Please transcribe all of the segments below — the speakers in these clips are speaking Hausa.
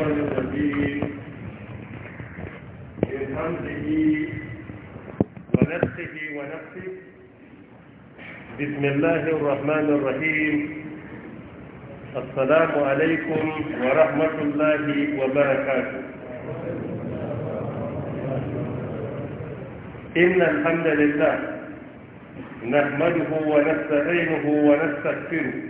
الشيطان الرجيم من ونفسه ونفسه بسم الله الرحمن الرحيم السلام عليكم ورحمة الله وبركاته إن الحمد لله نحمده ونستعينه ونستغفره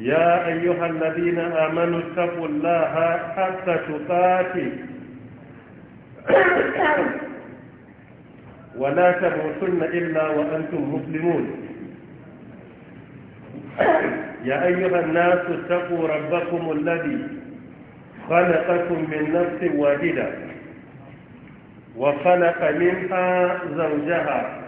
يا أيها الذين آمنوا اتقوا الله حتى تقاته ولا تموتن إلا وأنتم مسلمون يا أيها الناس اتقوا ربكم الذي خلقكم من نفس واحدة وخلق منها زوجها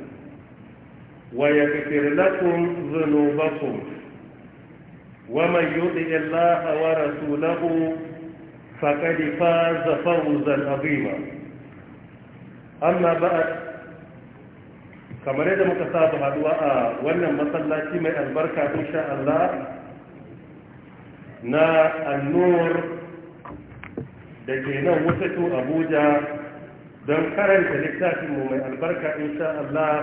ويغفر لكم ذنوبكم ومن يطع الله ورسوله فقد فاز فوزا عظيما أما بعد kamar yadda muka saba haduwa a wannan masallaci mai albarka insha Allah na annur da ke nan wutatu abuja don karanta littafinmu mai albarka insha Allah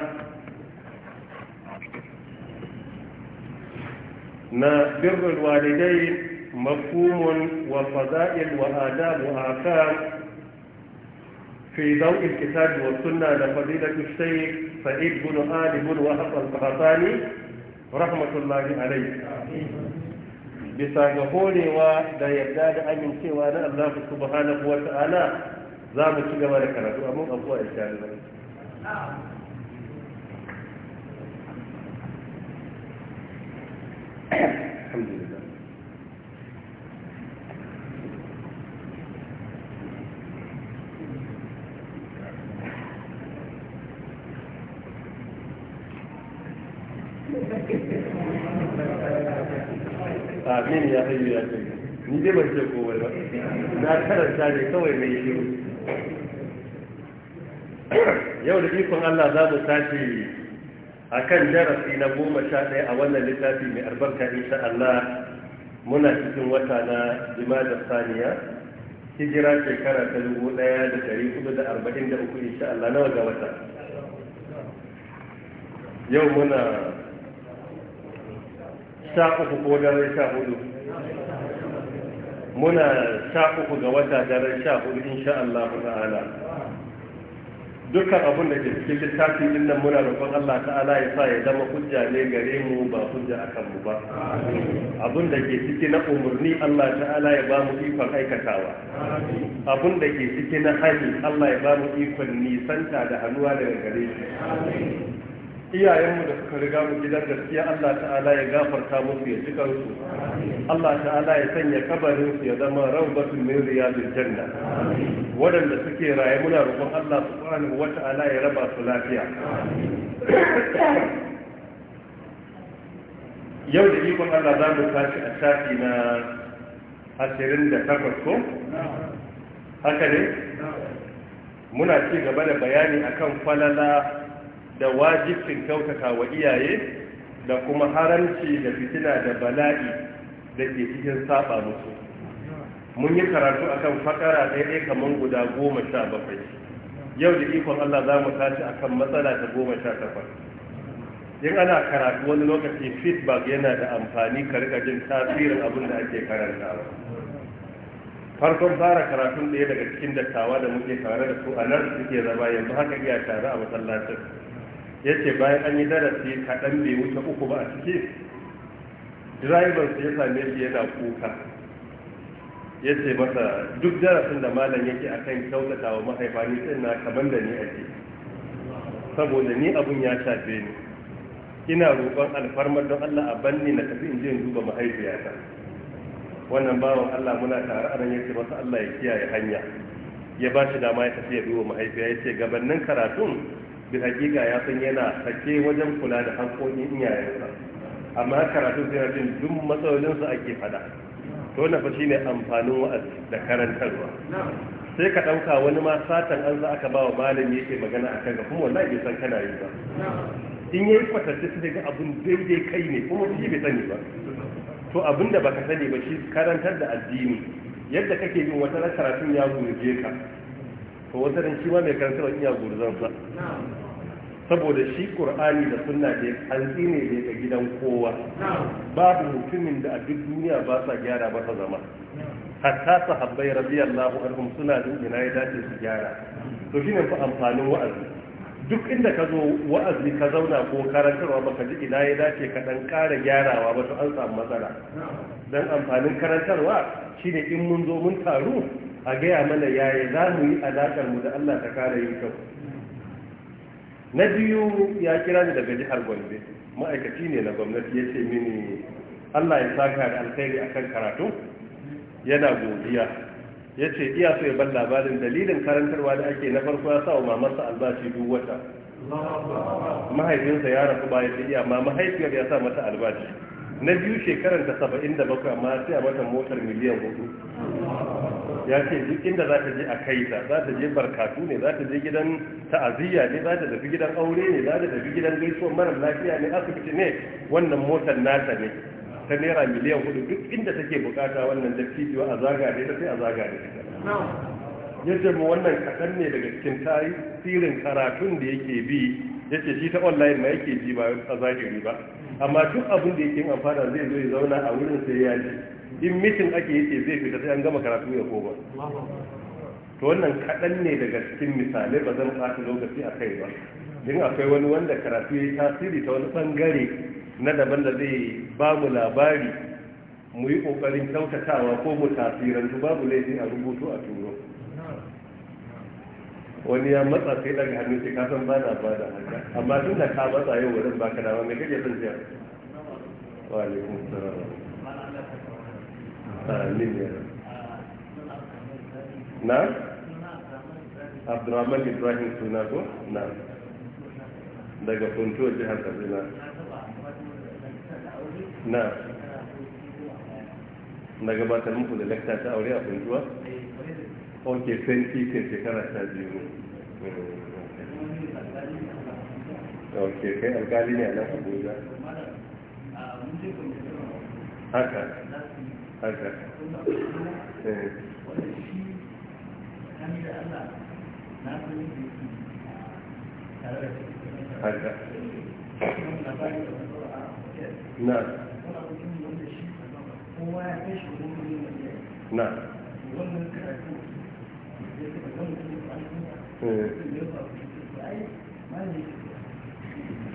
na birrin walidai mafhumun wa fada'il wa adab wa akam في ضوء الكتاب suna da الشيخ سعيد بن آل بن وهب القحطاني رحمة الله عليه bisa ga horewa da yarda da amincewa na Allah subhanahu wa ta'ala za mu ci gaba da karatu amma abuwa insha amin ya hayu ya ni dai ce ba na karanta ne kawai mai shiru yau da ikon Allah za mu tashi akan darasi na goma sha ɗaya a wannan littafi mai albarka insha Allah muna cikin wata na jimadar saniya hijira shekara ta dubu ɗaya da ɗari hudu da arba'in da uku insha Allah nawa ga wata yau muna sha uku ko dare sha hudu muna sha uku ga wata dare sha hudu insha Allah ta'ala dukkan abun da ke cikin littafin din nan muna roƙon Allah ta'ala ya sa ya zama hujja ne gare mu ba hujja akan mu ba abun da ke ciki na umurni Allah ta'ala ya ba mu ikon aikatawa abun da ke ciki na hali Allah ya ba mu ikon nisanta da hannuwa daga gare shi iyayenmu da suka riga mu gidan gaskiya Allah ta'ala ya gafarta musu ya ji kansu Allah ta'ala ya sanya kabarin su ya zama rawbatun min riyadil janna wadanda suke raye muna roƙon Allah subhanahu ta'ala ya raba su lafiya yau da ikon Allah za mu tashi a shafi na 28 da ko haka ne muna ci gaba da bayani akan falala da wajibcin kyautata wa iyaye da kuma haramci da fitina da bala'i da ke cikin saba musu mun yi karatu akan fakara ɗaya kamar guda goma sha bakwai yau da ikon Allah za mu tashi akan matsala ta goma sha takwas in ana karatu wani lokaci feedback yana da amfani ka rika jin tasirin abin da ake karantawa farkon fara karatun ɗaya daga cikin dattawa da muke tare da su a nan suke zama yanzu haka iya tare a masallacin ya ce bayan an yi darasi kaɗan bai wuce uku ba a ciki drivers ya same shi yana kuka ya ce masa duk darasin da malam yake a kan kyautata wa mahaifa ni sai na kaman da ni ake saboda ni abun ya shafe ni ina roƙon alfarmar don allah a banni na tafi in je in duba mahaifiyata wannan bawan allah muna tare a nan ya ce masa allah ya kiyaye hanya ya ba shi dama ya tafi ya duba mahaifiya ya ce gabanin karatun bi hakika ya san yana sake wajen kula da hankokin iyayensa amma karatu sai din duk matsalolinsu ake fada to na fa shine amfanin wa'azi da karantarwa sai ka ɗauka wani ma satan an za aka ba wa malami yake magana akan ga kuma wallahi bai san kana yi ba in yayi kwatance sai ga abun daidai kai ne kuma shi bai sani ba to abin da baka sani ba shi karantar da addini yadda kake bin wata na karatun ya gurje ka to wata shi ma mai karantarwa iya sa. saboda shi ƙur'ani da sunna dai hantsi ne da ga gidan kowa babu mutumin da a duk duniya ba sa gyara masa zama hatta sahabbai radiyallahu anhum suna jin ina ya dace su gyara to shine fa amfanin wa'azi duk inda ka zo wa'azi ka zauna ko karantarwa baka ji ina ya dace ka dan ƙara gyarawa ba to an samu matsala dan amfanin karantarwa shine in mun zo mun taru a gaya mana yaya za mu yi alaƙar mu da Allah ta kare yi kyau na biyu ya kira ni daga jihar Gombe ma'aikaci ne na gwamnati ya ce mini Allah ya saka da alkhairi a kan karatu yana godiya ya ce iya so ya ban labarin dalilin karantarwa da ake na farko ya sa wa mamarsa albashi duk wata mahaifinsa ya rasu ba ya iya amma mahaifiyar ya sa mata albashi na biyu shekaranta saba'in da bakwai amma sai a mata motar miliyan hudu ya ce duk inda za ta je a kai ta za ta je barkatu ne za ta je gidan ta'aziyya ne za ta tafi gidan aure ne za ta tafi gidan gaisuwar mara lafiya ne asibiti ne wannan motar nata ne ta naira miliyan hudu duk inda take bukata wannan dattijuwa a zaga ne ta sai a zaga ne yadda mu wannan kaɗan ne daga cikin tasirin karatun da yake bi yace shi ta online ma yake ji ba a zahiri ba amma duk abin da yake amfana zai zo ya zauna a wurin sai ya ji in mitin ake ce zai fita sai an gama karatu ya koma to wannan kaɗan ne daga cikin misalai ba zan ɓata lokaci a kai ba din akwai wani wanda karatu ya yi tasiri ta wani ɓangare na daban da zai ba mu labari mu yi ƙoƙarin kyautatawa ko mu tasirantu babu laifi a rubutu a turo wani ya matsa sai daga hannu sai ka san ba na ba da haka amma tun da ka matsa yau wurin ka dama mai kake son jiya wa alaikum salam amin ya na abdurrahman ibrahim suna ko na daga kuntuwa jihar kaduna na na gabatar muku da lakta ta aure a kuntuwa ok 2010 shekara ta biyu ok kai alkali ne a nan abuja haka haka haka na na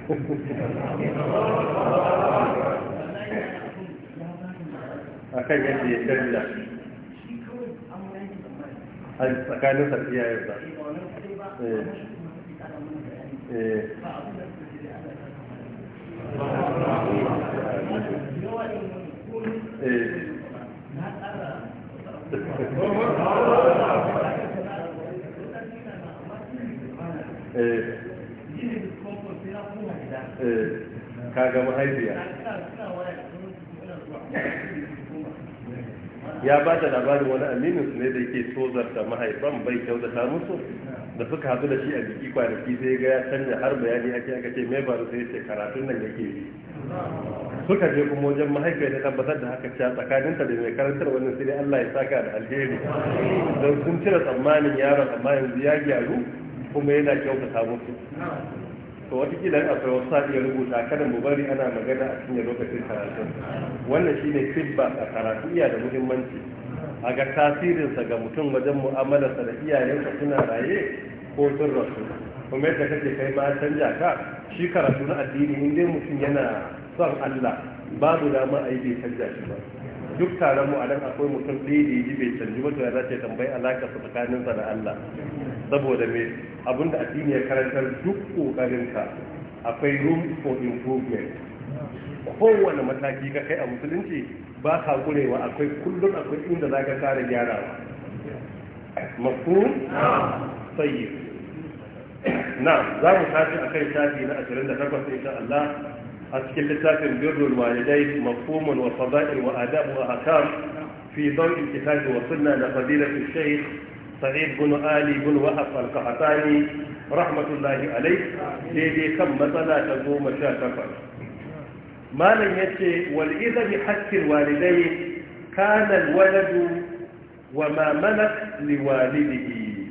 Thank you. a kan yadda ya canja a tsakanin tafiya ya ba kaga mahaifiya ya ba da labarin wani aminin su ne da yake tozar da mahaifan bai kyautata musu da suka haɗu da shi a jiki kwanaki sai ga ya canja har bayani ake aka ce mai baro sai ce karatun nan yake yi suka je kuma wajen mahaifiyar da tabbatar da haka cewa tsakaninta da mai karantar wannan sai Allah ya saka da alheri don sun cire tsammanin yaron amma yanzu ya gyaru kuma yana kyautata musu to wata in akwai wasu sa'i ya rubuta kada mu bari ana magana a cinye lokacin karatu wannan shine feedback a karatu iya da muhimmanci a ga tasirinsa ga mutum wajen mu'amalarsa da iyayensa suna raye ko sun rasu kuma yadda kake kai ba canja ka shi karatu na addini in dai mutum yana son Allah babu dama a yi bai canja shi ba duk taron mu a nan akwai mutum ɗaya da yi bai canji ba to ya zace tambayi alaƙa su tsakanin sa da Allah saboda me abinda addini ya karantar duk kokarin ka akwai room for improvement kowane mataki ka kai a musulunci ba ka gurewa, akwai kullum akwai inda za ka kare gyarawa mafhum sayyid na za mu tafi a kai shafi na 28 insha Allah a cikin littafin birnin walidai mafhumun wa fada'il wa adab wa ahkam fi dawil kitabi wa sunna na fadilatu shaykh sa'id bin ali bin al-qahtani rahmatullahi alai, daidai kan matsala ta goma sha takwas malam yace wal idha bi hakkin walidai kana waladu wa ma malak liwalidihi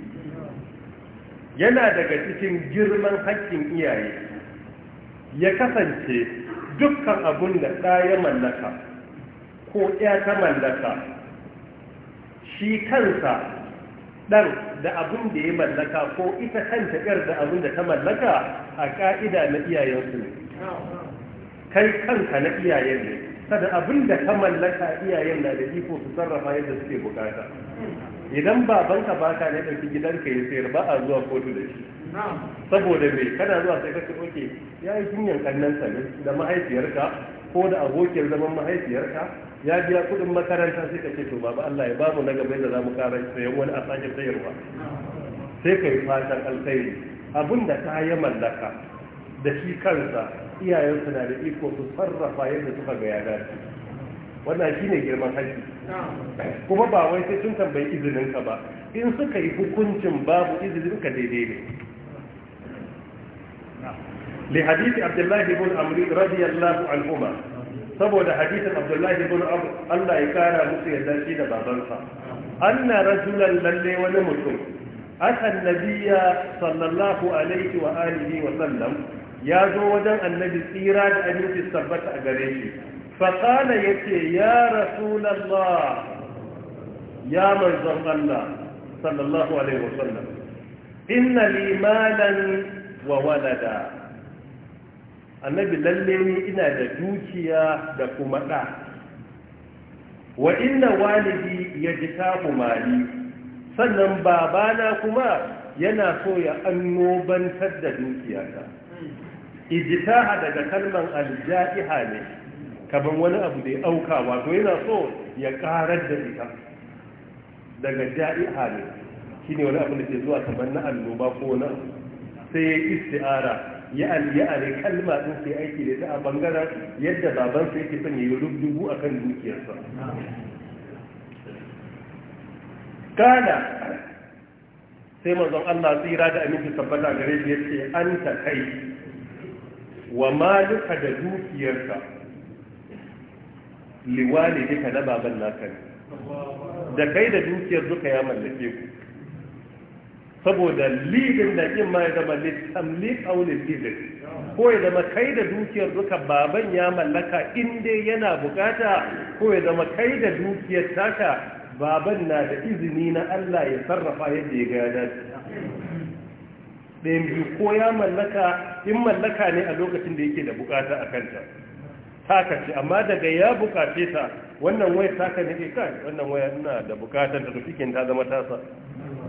yana daga cikin girman haƙƙin iyaye ya kasance dukkan abun da ɗa ya mallaka ko ɗaya ta mallaka shi kansa ɗan da abun da ya mallaka ko ita kanta ƴar da abun da ta mallaka a ƙa'ida na iyayensu ne kai kanka na iyayen ne sada abin da ka mallaka iyayen na da iko su sarrafa yadda suke bukata idan babanka baka ne ɗauki gidanka ya sayar ba a zuwa kotu da shi saboda mai kana zuwa sai oke ya yi jinyar kannansa ne da mahaifiyarka ko da abokiyar zaman mahaifiyarka ya biya kuɗin makaranta sai kace to babu Allah ya bamu na gaba da za mu ƙara sayan wani a sake sayarwa sai kai fatan alkhairi abinda ta ya mallaka da shi kansa iyayensu na da iko su sarrafa yadda suka ga ya dace wannan shi ne girman haƙƙi kuma ba wai sai sun tambayi izinin ka ba in suka yi hukuncin babu izinin ka daidai ne li hadisi abdullahi ibn amri radiyallahu anhuma saboda hadisin abdullahi ibn amr Allah ya kara musu yadda shi da babansa anna rajulan lalle wani mutum atan nabiyya sallallahu alaihi wa wa sallam ya zo wajen annabi tsira da aminci tabbata a gare shi faƙala ya ce ya rasulallah ya manzon Allah sallallahu alaihi wa sallam inna wa walada annabi lalle ni ina da dukiya da kuma ɗa wa inna walidi ya ji mali sannan babana kuma yana so ya annobantar da dukiyata ijitaha daga kalman alja'iha ne kaban wani abu da ya auka wato yana so ya karar da ita daga ja'iha ne shine wani abu da ke zuwa kaman na annoba ko na? sai ya isti'ara ya aliyare kalma ɗin sai aiki da ta a bangaren yadda baban sai yake son yayi a akan dukiyarsa kana sai manzon Allah tsira da aminci tabbata gare shi ce an ta kai wa maluka da dukiyarsa, dukiyarka duka na baban naka da kai da dukiyar duka ya mallake ku saboda lidin da in ma ya zama littamlik aulin lidin ko ya zama kai da dukiyar duka baban ya mallaka in yana bukata ko ya zama kai da dukiyar taka baban na da izini na Allah ya sarrafa yadda ya gaya ɗayan biyu ko ya mallaka in mallaka ne a lokacin da yake da bukata a kanta taka ce amma daga ya bukace ta wannan waya taka ne kai wannan waya ina da bukatar ta fikin ta zama tasa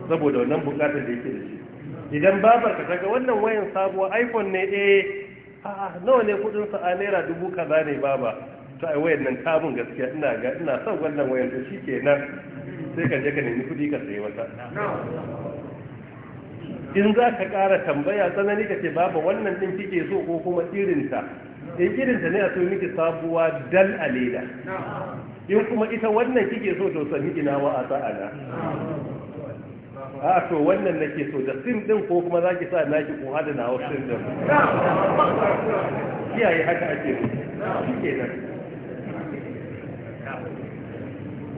saboda wannan bukatar da yake da shi idan babar ka kaga wannan wayan sabuwa iphone ne eh a nawa ne kudin sa a naira dubu kaza ne baba to ai wayan nan tabun gaskiya ina ga ina son wannan wayan to shikenan sai ka je ka nemi kudi ka sayi wata in za ka ƙara tambaya tsanani ka ce baba wannan din kike so ko kuma irinta in eh, irinta ne a so miki sabuwa dal a leda in kuma ita wannan kike so to sani ina wa a sa'ada a to wannan nake so da sin din ko kuma za ki sa naki ko hada na wasu din kiyaye haka ake so shi ke nan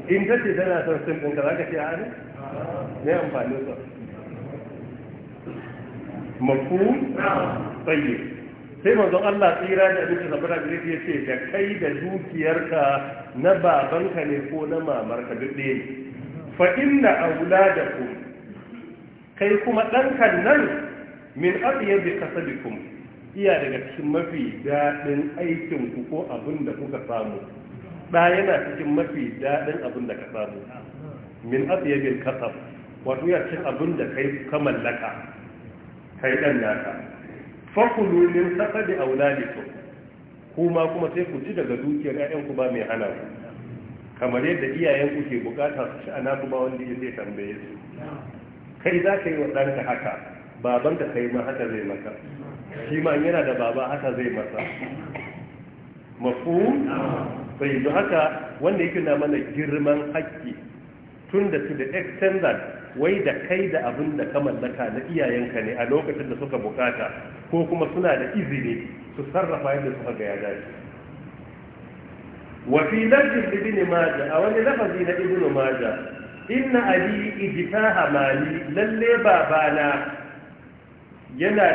in ta ce tana son sin din ka za ka ce a ne ne amfani sa mafu tsaye sai manzon Allah tsira da abinci sabata da ya ce da kai da dukiyarka na babanka ne ko na mamarka duk ɗaya fa inna auladakum kai kuma ɗankan nan min abiya bi kuma, iya daga cikin mafi daɗin aikinku ko abin da kuka samu ɗa yana cikin mafi daɗin abin da ka samu min abiya bi kasab wato ya cikin abin da kai ka mallaka kai ɗan naka fakulu min saqadi auladikum kuma kuma sai ku ci daga dukiyar ƴaƴanku ba mai hana ku kamar yadda iyayenku ke bukata su ci ana ku ba wanda ya zai tambaye su kai za ka yi wa ɗanka haka babanka kai ma haka zai maka shi ma yana da baba haka zai masa mafu sai yanzu haka wanda yake na mana girman haƙƙi tun da to the extended wai da kai da abin da ka mallaka na iyayenka ne a lokacin da suka bukata ko kuma suna da izini su sarrafa yadda suka ga ya dace wa fi lafzin ibn majah a wani lafazi na ibn majah inna abi ijtaha amali, lalle babana yana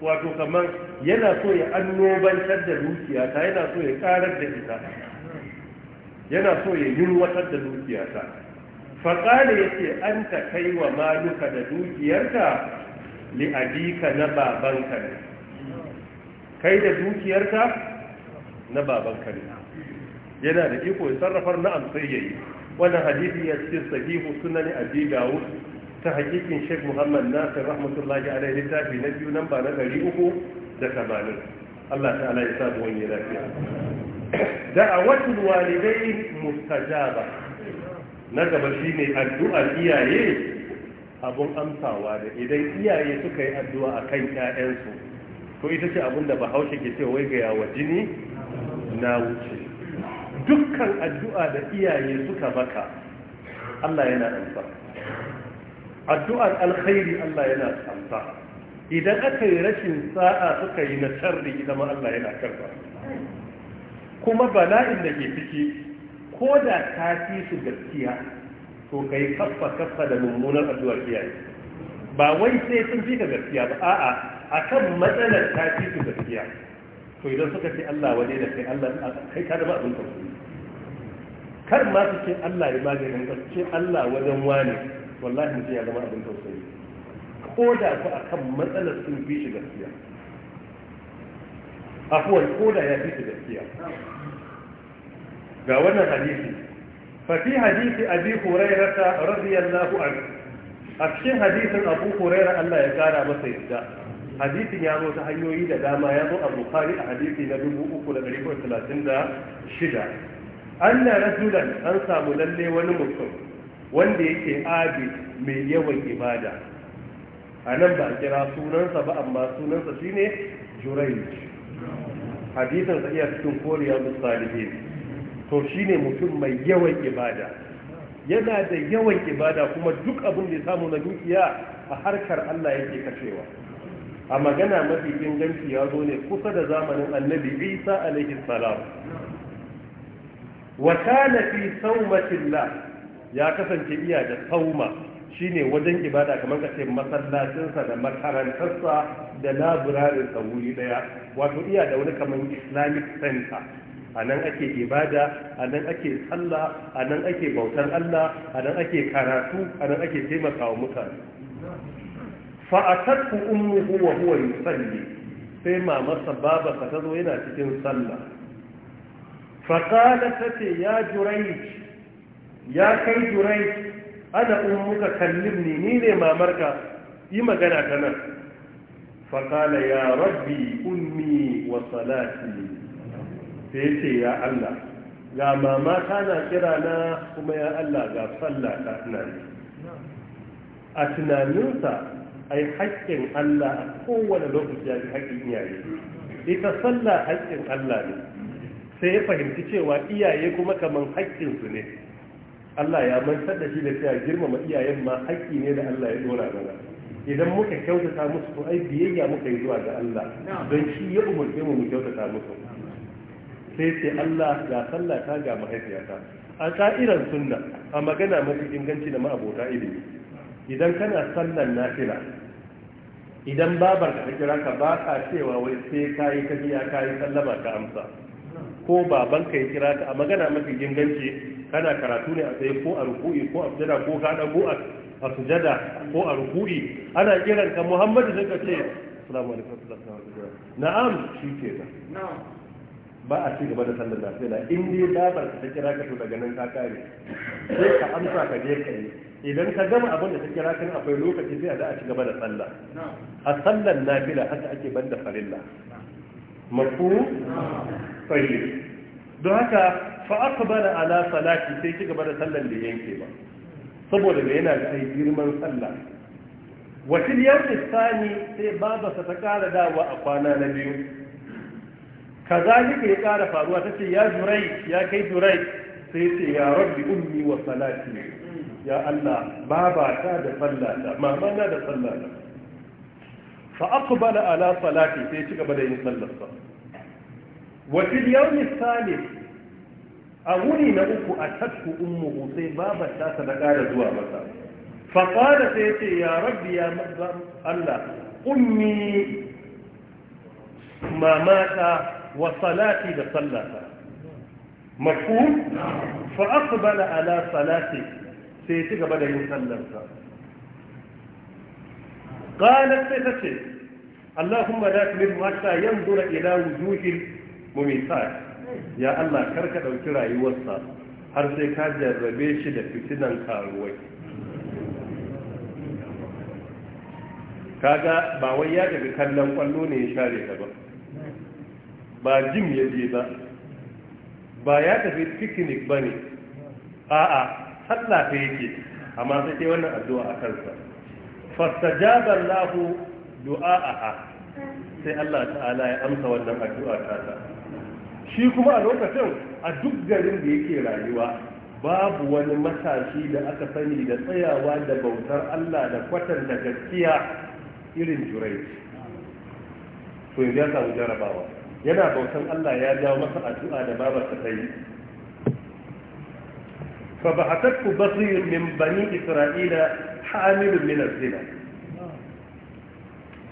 wato kamar yana so ya annobantar da dukiyata, yana so ya karar da ita yana so ya yulwatar da dukiyata. ta faƙale ya ce an ta kai wa maluka da dukiyarka li'adika na babanka ne kai da dukiyarka na babanka ne yana da iko ya sarrafar na'am sai ya yi wannan hadisi ya cikin sahihu sunan abi dawud ta hakikin sheikh muhammad nasir rahmatullahi alaihi littafi na biyu nan ba na gari uku da tamanin allah ta'ala ya samu wani lafiya Da wasu walidai mustajaba na gaba shine addu'ar iyaye abun amsawa da idan iyaye suka yi addu'a akan ƴaƴansu ko ita ce abin da bahaushe ke cewa wai ga yawa jini na wuce dukkan addu'a da iyaye suka baka Allah yana amsa addu'ar alkhairi Allah yana amsa idan aka yi rashin sa'a suka yi na sharri ita Allah yana karba kuma bala'in da ke ciki ko da ta fi su gaskiya to kai kaffa kaffa da mummunar addu'ar iyaye ba wai sai sun fi ka gaskiya ba a'a a kan matsalar ta fi su gaskiya to idan suka ce Allah waje da kai Allah kai ka da ba abin tausayi kar ma su ce Allah ya maganin ka ce Allah wajen wane wallahi mutum ya zama abin tausayi ko da ku akan matsalar sun fi shi gaskiya afuwan ko da ya fi shi gaskiya ga wannan hadisi fa fi hadisi abi hurairata radiyallahu anhu a cikin hadisin abu hurairah Allah ya kara masa yadda hadisin ya zo ta hanyoyi da dama ya zo a bukari a hadisi na shida. an na rasulan an samu lalle wani mutum wanda yake abi mai yawan ibada a nan ba a kira sunansa ba amma sunansa shine hadisin sa iya cikin koriya musalihin to shine mutum mai yawan ibada yana da yawan ibada kuma duk abin da ya samu na dukiya a harkar allah yake kashewa a magana mafi inganci ya zo ne kusa da zamanin annabi isa alaihi salam wa kana fi saumatillah ya kasance iya da sauma shine wajen ibada kamar ka ce masallacinsa da makarantarsa da laburarin sa wuri daya wato iya da wani kamar islamic center a nan ake ibada a nan ake sallah a nan ake bautar allah a nan ake karatu a nan ake taimakawa mutane fa'atatku ummuhu wa huwa yusalli sai mamarsa babarsa ta zo yana cikin sallah faqala tace ya ya kai jurayj ana ummuka kallimni ni ne mamarka yi magana ta nan Faƙada ya rabbi ummi wa salati sai ce ya Allah ga mama na kira na kuma ya Allah ga sallah ta tunani. a tunaninsa ai haƙƙin Allah a kowane lokaci ya fi haƙƙin iyaye ita sallah haƙƙin Allah ne sai ya fahimci cewa iyaye kuma kaman haƙƙin su ne Allah ya mantar da shi da cewa girmama iyayen ma haƙƙi ne da Allah ya dora mana idan muka kyautata musu to ai biyayya muka yi zuwa ga Allah don shi ya umarce mu mu kyautata musu sai sai Allah ga ta ga mahaifiyata a ka'iran sunna a magana mafi inganci da ma'abota ilimi idan kana sallan nafila idan babar ka kira ka ba ka cewa wai sai kayi tafiya kayi sallama ka amsa ko baban ka ya kira ka a magana mafi ginganci kana karatu ne a tsaye ko a ruku'i ko a sujada ko ka dago a sujada ko a ruku'i ana kiran ka Muhammadu sai ka ce assalamu alaikum na'am shi ke na'am ba a ci gaba da sallar nafila in dai labar ka ta kira ka to daga nan ka kare sai ka amsa ka je ka idan ka gama abin da ta kira kan akwai lokaci sai a da a ci gaba da sallah a sallar nafila haka ake banda farilla mafu sai don haka fa aqbala ala salati sai ki gaba da sallar da yanke ba saboda da yana da girman sallah wakil yau tsani sai babarsa ta kara dawa a kwana na biyu kazalika ya kara faruwa ta ce ya durai, ya kai durai, sai ce ya rabbi ummi wa salati ya Allah babata da sallata mamana da sallata fa aqbala ala salati sai ci gaba da yin sallarsa wa fil yawm salif a wuri na uku a tattu ummuhu sai babata ta da kara zuwa masa fa qala sai ce ya rabbi ya Allah ummi mamata wa salati da sallata mafu fa aqbala ala salati sai ci gaba da yin sallarsa qalat sai ta ce Allahumma la tulid ma yanzura ila wujuhil mumitat ya Allah karka dauki rayuwarsa har sai ka jarrabe shi da fitinan karuwai kaga ba wai ya daga kallon kwallo ne ya share ta ba ba jim ya je ba ba ya tafi picnic ba ne a'a a hatsafe yake amma sai ke wannan addu'a a kansa Fasta fastajabar lahu ha sai Allah ta'ala ya amsa wannan addu'a ta ta shi kuma a lokacin a duk garin da yake rayuwa babu wani matashi da aka sani da tsayawa da bautar Allah da da gaskiya irin jurai to yi ya samu jarabawa yana bautan Allah ya jawo masa addu'a da babarsa ta yi fa ba'atatku basir min bani isra'ila hamilun min zina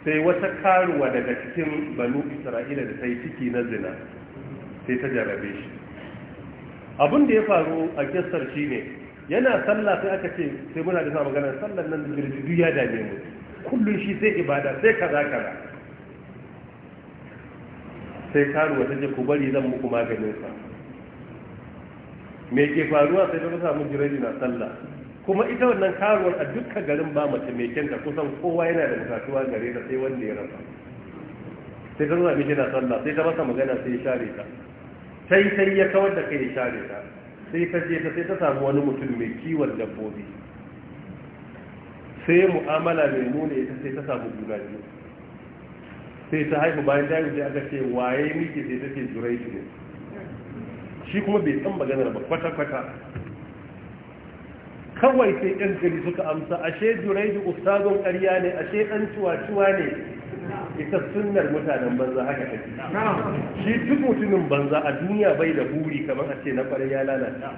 sai wata karuwa daga cikin banu isra'ila da ta yi ciki na zina sai ta jarabe shi abin da ya faru a shi ne yana sallah sai aka ce sai muna da sa maganar sallan nan da ya dame mu Kullum shi sai ibada sai kaza kaza sai karuwa ta ce ku bari zan muku maganin sa me ke faruwa sai ta samu jirage na sallah kuma ita wannan karuwar a dukkan garin ba mace mai kyanta kusan kowa yana da bukatuwa gare ta sai wanda ya rasa sai ta zo abin na sallah sai ta masa magana sai ya share ta sai sai ya kawar da kai ya share ta sai ta je ta sai ta samu wani mutum mai kiwon dabbobi sai mu'amala mai nuna ita sai ta samu juna biyu sai ta haihu bayan ta haihu aka ce waye miki sai ta ce zurai ne shi kuma bai san maganar ba kwata-kwata kawai sai ɗan gari suka amsa ashe zurai da ustazon ƙarya ne ashe ɗan cuwa-cuwa ne ita sunnar mutanen banza haka take shi duk mutumin banza a duniya bai da buri kamar a ce na ƙwarai ya lalata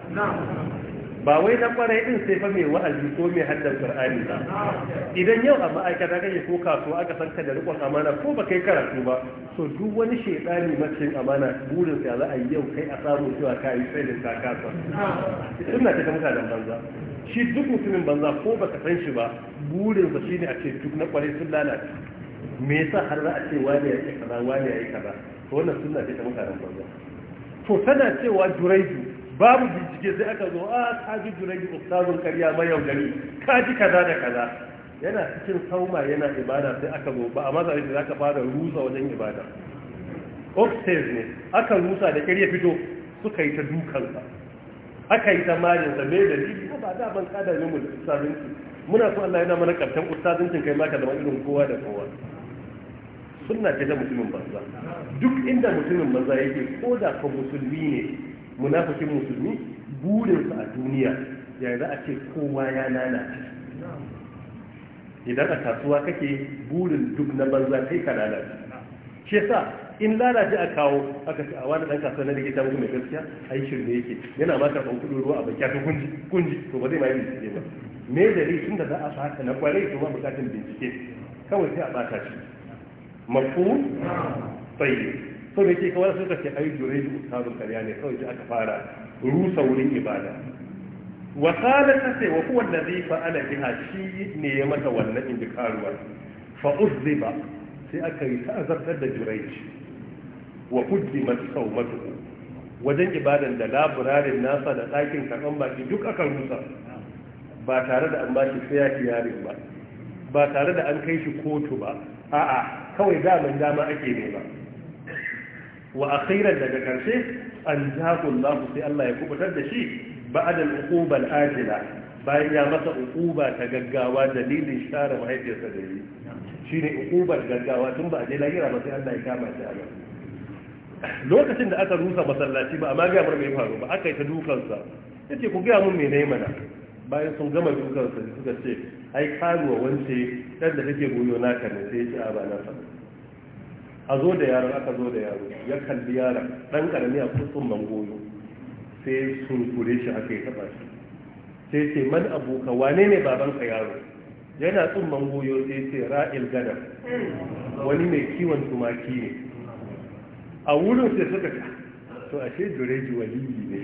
ba wai na kwarai din sai fa mai wa'azi ko mai haddar qur'ani ba idan yau a ma'aikata kake ko kasuwa aka san ka da riƙon amana ko ba kai karatu ba So duk wani shedani macin amana burin sa za a yi yau kai a samu cewa ka yi sai da ka kasa ina ta da banza shi duk mutumin banza ko ka san shi ba burin sa shine a ce duk na kwarai sun lalace me yasa har za a ce wani yi kaza wani yi kaza to wannan sunna ce ta da banza to tana cewa duraiju babu bincike sai aka zo a ah, kaji juraji ustazun karya mai yaudari kaji kaza da kaza yana cikin sauma yana ibada sai aka zo ba a maza da zaka fara rusa wajen ibada oxtes ne aka rusa da kirya fito suka yi ta sa aka yi ta sa mai dalili ah, ba da ban kada ne mu ustazunci muna so Allah yana mana karshen ustazincin kai maka zama irin kowa da kowa sunna ce da mutumin banza duk inda mutumin banza yake ko da ka musulmi ne munafikin musulmi burinsa a duniya ya za a ce kowa ya lalace idan a kasuwa kake burin duk na banza kai ka lalace Ke sa in lalace a kawo aka ce a wani dan kasuwa na rigita ta muku mai gaskiya a yi shirme yake yana ba karɓar kuɗin ruwa a bakiya ta kunji kunji to ba zai ma yi bincike ba me dalilin tun da za a haka na kwarai to ba bukatun bincike kawai sai a ɓata shi mafu tsaye saboda ke kawai sun kace ai jure da ustazun kariya ne kawai aka fara rusa wurin ibada wa qala ta sai wa huwa allazi fa'ala biha shi ne ya mata wannan indikaruwa karuwa fa uzziba sai aka yi ta azabtar da jurayj wa quddimat sawmatu wajen ibadan da laburarin nasa da ɗakin karɓan baki duk aka rusa ba tare da an ba shi yarin ba ba tare da an kai shi kotu ba a'a kawai da daman dama ake nema wa akhiran daga karshe an jahu Allah sai Allah ya kubutar da shi ba'da al-uquba al-ajila bayan ya masa uquba ta gaggawa dalilin share mahaifiyarsa da yi shine ta gaggawa tun ba a je lahira ba sai Allah ya kama shi a lokacin da aka rusa masallaci ba amma ga mai faru ba aka yi ta dukansa yace ku ga mun me ne mana bayan sun gama dukansa suka ce ai karuwa wance dan da take goyo naka ne sai ya ci a ba na a zo da yaron aka zo da yaro ya kalli yaron dan karami a kusur mangoyo sai sun kure shi haka ya taba shi sai ce man abuka wane ne ka yaro yana tsun mangoyo sai ce ra'il gada wani mai kiwon tumaki ne a wurin sai suka ta to ashe jureji waliyi ne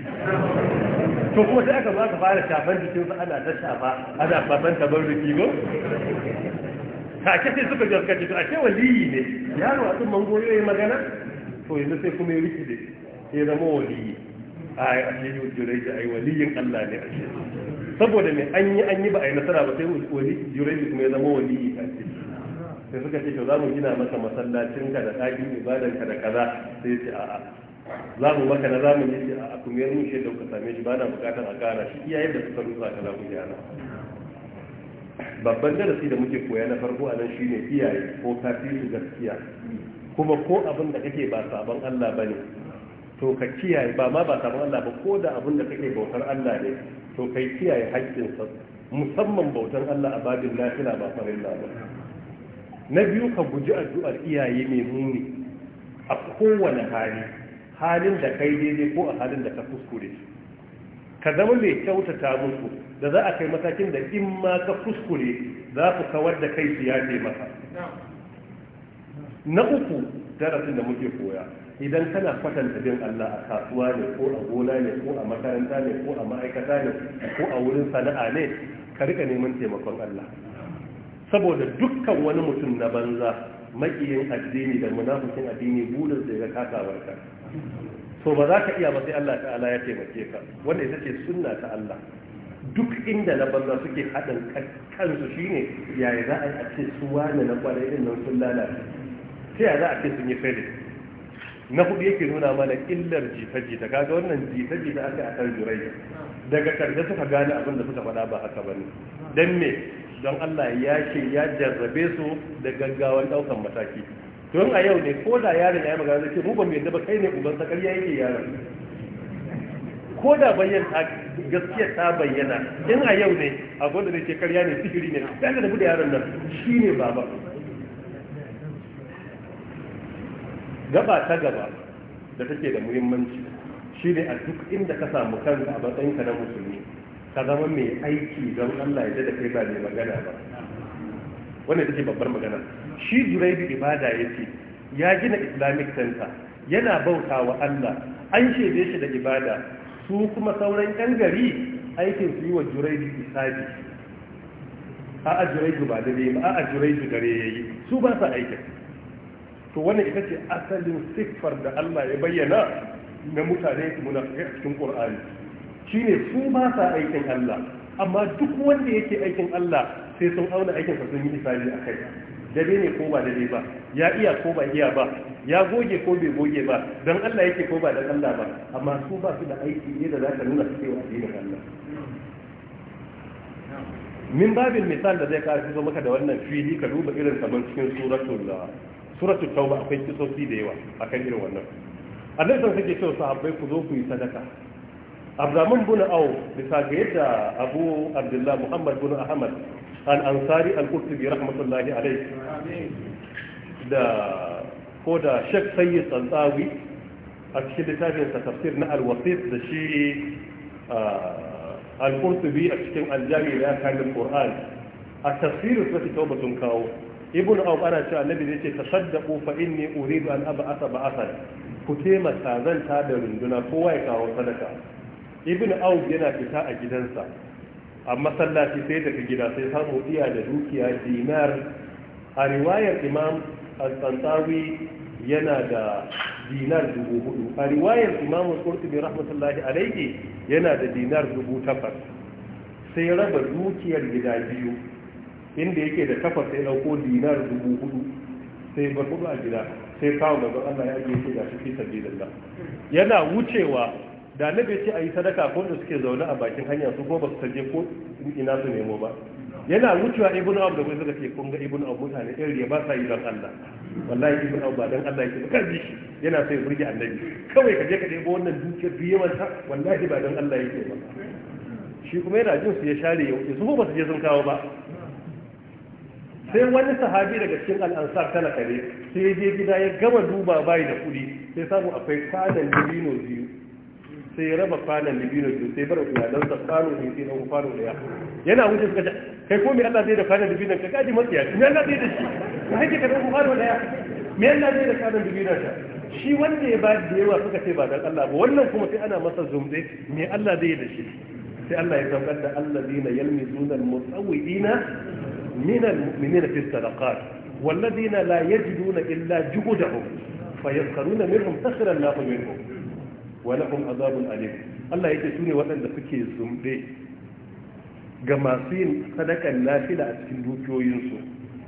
to kuma sai aka ba ka fara shafan jikinsa ana ta shafa ana fasan tabarruki ba take sai suka jarkace to ce waliyi ne yaro a tsumman mangoyo ya magana to yanzu sai kuma ya da ya zama waliyi yi ashe yi jurai da ai waliyin Allah ne ashe saboda me an yi an yi ba yi nasara ba sai wali jurai kuma ya zama waliyi ce sai suka ce to za mu gina maka masallacin ka da ɗakin ibadan ka da kaza sai ya ce a'a za mu maka na zamani ce a kuma yanzu shi da kuka same shi ba na bukatar a kara shi iyayen da suka rusa ka za ku gyara babban darasi da muke koya na farko a nan shine iyaye ko ka su gaskiya kuma ko abin da kake ba sabon Allah ba ne to ka kiyaye ba ma ba sabon Allah ba ko da abin da kake bautar Allah ne to kai kiyaye sa musamman bautar Allah a babin lafiya ba farilla ba na biyu ka guji addu'ar iyaye mai muni a kowane hali halin da kai daidai ko a halin da ka kuskure ka zama mai kyautata musu da za a kai matakin da in ma ka kuskure za ku kawar da kai ya ce masa na uku darasin da muke koya idan kana kwatanta bin Allah a kasuwa ne ko a gona ne ko a makaranta ne ko a ma'aikata ne ko a wurin sana'a ne ka rika neman taimakon Allah saboda dukkan wani mutum na banza makiyin addini da munafikin addini burin da ya kasawar ka to ba za ka iya ba sai Allah ta'ala ya taimake ka wanda ita ce sunna ta Allah duk inda na banza suke haɗin kansu shine yaya za a ce su wane na kwarai din nan sun lalace ta yaya za a ce sun yi fere na hudu yake nuna mana illar jita-jita kaga wannan jita-jita aka a kan daga karshe suka gane abin da suka faɗa ba haka ba ne don me don allah ya ce ya jarrabe su da gaggawan ɗaukan mataki don a yau ne ko da yaron ya yi magana zai ce mu ba mu yadda kai ne uban sakar ya yake yaron ko da bayyan gaskiya ta bayyana in a yau ne a gwada da shekar karya ne sihiri ne ta ga tafi da yaron nan shi ne baba gaba ta gaba da take da muhimmanci shi ne a duk inda ka samu kanka a matsayinka na musulmi ka zama mai aiki don Allah ya da kai ba mai magana ba wannan take babbar magana shi zuraibi ibada ya ce, ya gina islamic center yana bauta wa Allah an shaide shi da ibada su kuma sauran yan gari aikin su yi wa juraidu isabi a a juraidu ba da ba a a juraidu ya yi. su ba sa aikin to wani ita ce asalin siffar da Allah ya bayyana na mutane muna a cikin Shi ne su ba sa aikin Allah amma duk wanda yake aikin Allah sai sun auna aikin sa sun yi isabi kai. dare ne ko ba dare ba ya iya ko ba iya ba ya goge ko bai goge ba don Allah yake ko ba da Allah ba amma su ba su da aiki ne da za ka nuna su cewa addinin Allah min babin misal da zai kawo zo maka da wannan fili ka duba irin kamar cikin suratul suratul tauba akwai kisosi da yawa akan irin wannan annabi sun sake cewa sahabbai ku zo ku yi sadaka abdurrahman bin au bisa ga yadda abu abdullah muhammad bin ahmad al ansari al qurtubi rahmatullahi alayhi da ko da shek sayyid tsantsawi a cikin littafinsa tafsir na alwasit da shi al-qurtubi a cikin aljami da kamin qur'an a tafsirin sa tauba sun kawo ibnu aw ana cewa annabi zai ce tasaddaqu fa inni uridu an ab'atha ba'athan ku taimaka zan da runduna kowa ya kawo sadaka ibnu aw yana fita a gidansa a masallaci sai daga gida sai samu iya da dukiya dinar a riwayar imam al-tantawi yana da dinar dubu hudu a riwayar imamu qurtubi rahmatullahi alaihi yana da dinar dubu takwas sai raba dukiyar gida biyu inda yake da takwas sai dauko dinar dubu hudu sai bar hudu a gida sai kawo gaban Allah ya su da shi fi sabilillah yana wucewa da nabi ce yi sadaka ko da suke zaune a bakin hanya su ko ba su taje ko ina su nemo ba yana wucewa ibn abu da kuma suka ce kun ga ibnu abu mutane ɗan riya ba sa yi don Allah wallahi ibn abu ba don Allah yake kan bi shi yana sai burge annabi kawai ka je ka ɗebo wannan dukiyar biyewan ta wallahi ba don Allah yake ba shi kuma yana jin su ya share yau yanzu ba su je sun kawo ba sai wani sahabi daga cikin al'ansar tana kare sai je gida ya gama duba bai da kuɗi sai samu akwai kwanan dabino biyu sai ya raba kwanan libino biyu sai bar iyalansa kwano ne sai dan kwano daya yana wuce suka kai ko me Allah zai da kwanan libino ka kaji matsiya me Allah zai da shi ka hake ka dan kwano daya me Allah zai da kwanan libino ta shi wanda ya ba da yawa suka ce ba dan Allah ba wannan kuma sai ana masa zumbe me Allah zai da shi sai Allah ya saukar da alladina yalmizuna almutawwidina min almu'minina fi sadaqat والذين لا يجدون إلا جهدهم فيسخرون منهم سخر الله منهم wa lahum azabun alim Allah yake sune waɗanda suke zumbe ga masu yin sadakan nafila a cikin dukiyoyinsu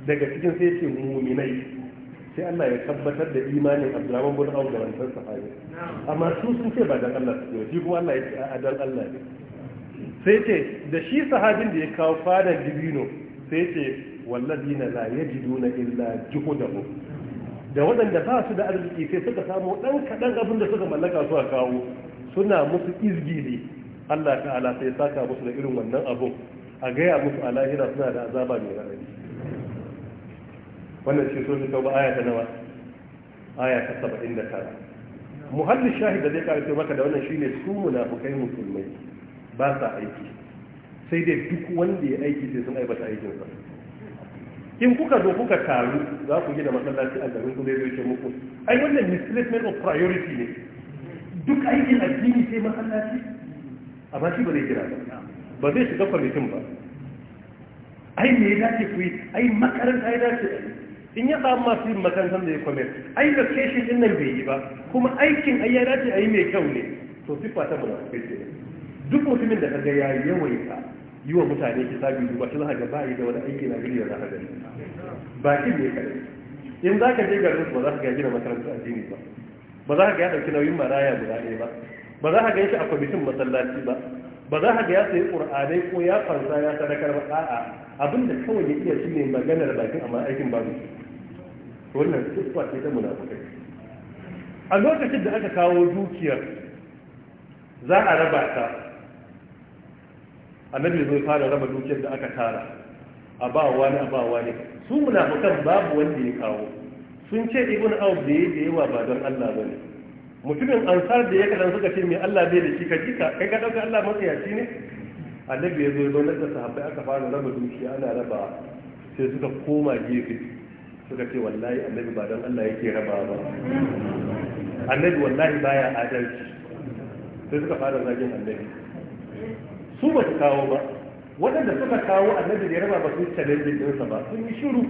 daga cikin sai ce muminai sai Allah ya tabbatar da imanin Abdurrahman bin Auf da wancan sahabi amma su sun ce ba dan Allah su shi kuma Allah ya ce a dan Allah ne sai ce da shi sahabin da ya kawo fadan dibino sai ce na la yajiduna illa juhudahum da waɗanda ba su da arziki sai suka samu ɗan kaɗan abin da suka mallaka su kawo suna musu ne Allah ta'ala sai saka musu da irin wannan abu a gaya musu a lahira suna da azaba mai raɗaɗi wannan ce so suka ba aya ta nawa aya ta saba'in da tara muhallin shahid da zai karfe maka da wannan ne su munafukai musulmai ba sa aiki sai dai duk wanda ya aiki sai sun aibata aikinsa in kuka zo kuka taru za ku gina masallaci a garin ku zai zai muku ai wannan misplacement of priority ne duk aikin addini sai masallaci ba shi ba zai jira ba ba zai shiga kwamitin ba ai me ya dace ku yi ai makaranta ya dace in ya samu masu yin makarantar da ya kwame ai location din nan bai yi ba kuma aikin ai ya dace a yi mai kyau ne to siffa ta munafukai ce duk mutumin da ga ya yawaita yi wa mutane hisabi duba shi zaka ba yi da wani aiki na gari da za ka gani ba kin ne kai in za ka je garin ba za ka ga gina makarantar addini ba ba za ka ga ya dauki nauyin maraya guda ɗaya ba ba za ka ga shi a kwamitin masallaci ba ba za ka ga ya sayi qur'anai ko ya fansa ya sadakar ba a'a abin da kawai ya iya shine maganar bakin amma aikin babu wannan tsuwa ce ta munafikai a lokacin da aka kawo dukiyar za a raba ta annabi zai fara raba dukiyar da aka tara a ba wani a ba wani su munafukan babu wanda ya kawo sun ce ibn auf da yake da yawa ba don Allah bane mutumin ansar da ya kadan suka ce me Allah bai da shi ka jika kai ka dauka Allah maka yaci ne annabi ya zo ya zauna da sahabbai aka fara raba dukiya ana raba sai suka koma gefe suka ce wallahi annabi ba don Allah yake raba ba annabi wallahi baya adalci sai suka fara zagin annabi su ba su kawo ba waɗanda suka kawo annabi da ya raba ba su yi challenging ɗinsa ba sun yi shiru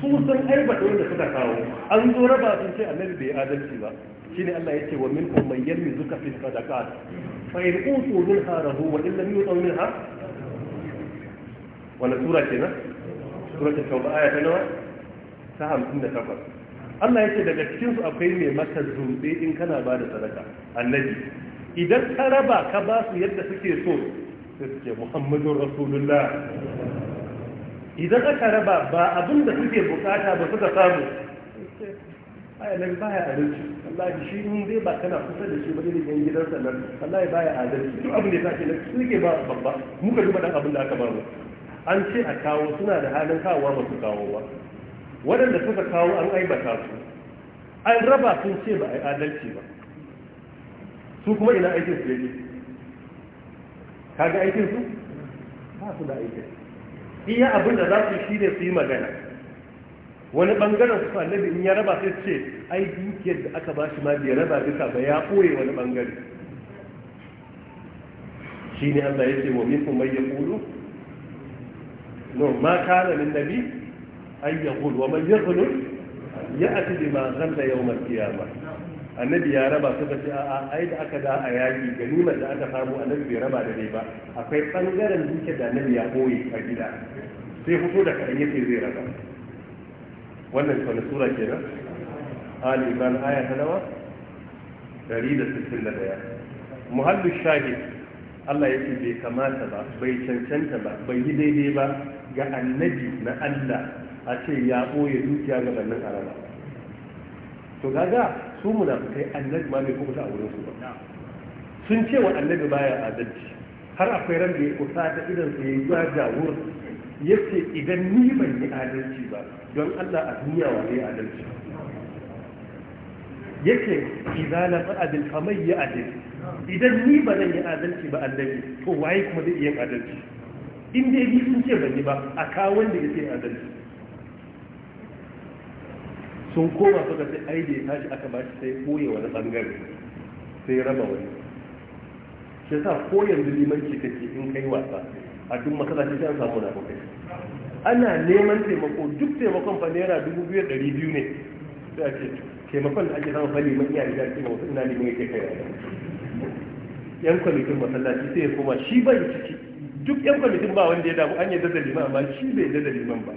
su sun aibata wanda suka kawo an zo raba sun ce annabi bai adalci ba shine Allah ya ce wa min umman yalmi zuka fi sadaqat fa in utu minha rahu wa illam yutu minha wannan sura kenan sura ta tauba aya ta nawa ta 58 Allah ya ce daga cikin su akwai mai maka zumbe in kana ba da sadaka annabi idan ka raba ka ba su yadda suke so sai suke muhammadun rasulullah idan aka raba ba abin da suke bukata ba suka samu ba nan baya adalci wallahi shi in dai ba kana kusa da shi ba ne yan gidansa nan wallahi baya adalci duk abin da ya take na suke ba babba muka duba dan abin da aka ba mu an ce a kawo suna da halin kawowa ba su kawo ba waɗanda suka kawo an aibata su an raba sun ce ba a yi adalci ba su kuma ina aikin su yake kaga aikin su ba su da aikin iya abin da za su shi ne su yi magana wani bangaren su fallabi in ya raba sai ce ai dukiyar da aka ba shi ma bai raba bisa ba ya koye wani bangare shi ne Allah ya ce wa min kuma ya kulu no ma kana min nabi ay yaqul wa man yaqul ya'ti bima ghalla yawm al-qiyamah annabi ya raba suka ce a'a ai da aka da a yaki ga nuna da aka samu annabi bai raba da dai ba akwai bangaren duke da annabi ya boye a gida sai fito da kaɗan yake zai raba wannan wani sura nan ali ibn aya ta nawa 161 muhallu shahid Allah ya ce bai kamata ba bai cancanta ba bai yi daidai ba ga annabi na Allah a ce ya ɓoye dukiya ga bannin araba to gaga su munafikai annabi ma bai kubuta a wurin su ba sun ce wa annabi baya adalci har akwai ran da ya kusa ta idan su yayi ba jawur yace idan ni ban yi adalci ba don Allah a duniya wa ne adalci yake idza la fa'adil kamar ya adalci? idan ni ba zan yi adalci ba annabi to waye kuma zai yi adalci in dai ni sun ce ban yi ba a kawo wanda yake adalci sun koma suka ce ai da ya tashi aka ba shi sai koye wani bangare sai raba wani shi sa ko yanzu limanci kake in kai wasa a duk masallaci sai an samu na kai ana neman taimako duk taimakon fa naira dubu biyu da ɗari biyu ne sai a ce taimakon da ake samu fa liman iya riga ke wasu ina liman yake kai wasa yan kwamitin masallaci sai ya koma shi bai ciki duk yan kwamitin ba wanda ya damu an yi dada liman amma shi bai dada liman ba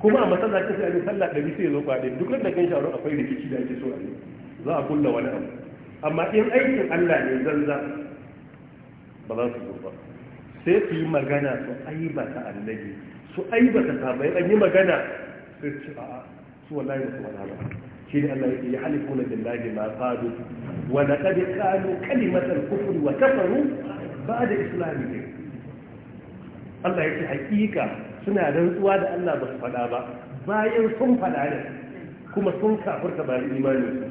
kuma a masallacin sai an yi sallah ɗari sai zo kwaɗe duk da kan sharon akwai rikici da ake so a yi za a kulla wani abu amma in aikin Allah ne zanza ba za su zo ba sai su yi magana su aibata annabi su aibata sabai an yi magana sai su a su wallahi ba su wala ba shi ne Allah yake ya halifuna billahi ma qalu wa laqad qalu kalimatal kufri wa kafaru ba'da islamihim Allah ya ce hakika suna rantsuwa da Allah ba su faɗa ba bayan sun faɗa ne kuma sun kafurta ba imanin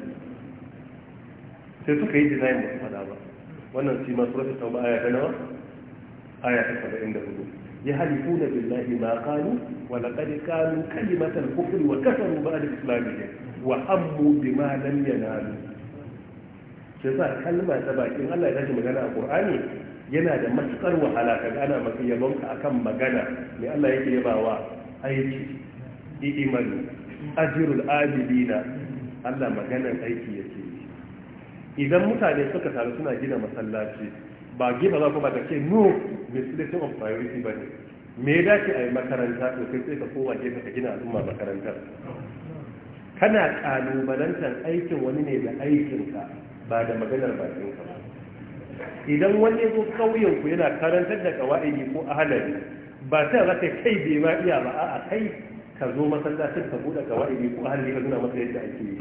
su sai suka yi design ba su faɗa ba wannan shi masu rasa tauba aya ta nawa aya ta saba'in da hudu ya halifu na billahi ma kanu wa laqad kanu kalimatan kufri wa kafaru ba'da islamihim wa ammu bima lam yanalu sai sa kalma ta bakin Allah ya tashi magana a Qur'ani yana da matukar wahala ka gana maka yabon ka akan magana mai Allah yake wa aiki iman ajirul ajibina Allah maganar aiki yake idan mutane suka taru suna gina masallaci ba gina za ku ba ta ce no misilisun of priority ba ne me ya dace a yi makaranta to kai sai ka kowa gefe ka gina al'umma makarantar kana kalubalantar aikin wani ne da aikinka ba da maganar bakinka ba idan wani ya zo ƙauyen ku yana karantar da kawai ko ahalari ba ta za ka kai bai ma iya ba a kai ka zo masallacin ka buɗe kawai ko ahalari ka nuna masa yadda ake yi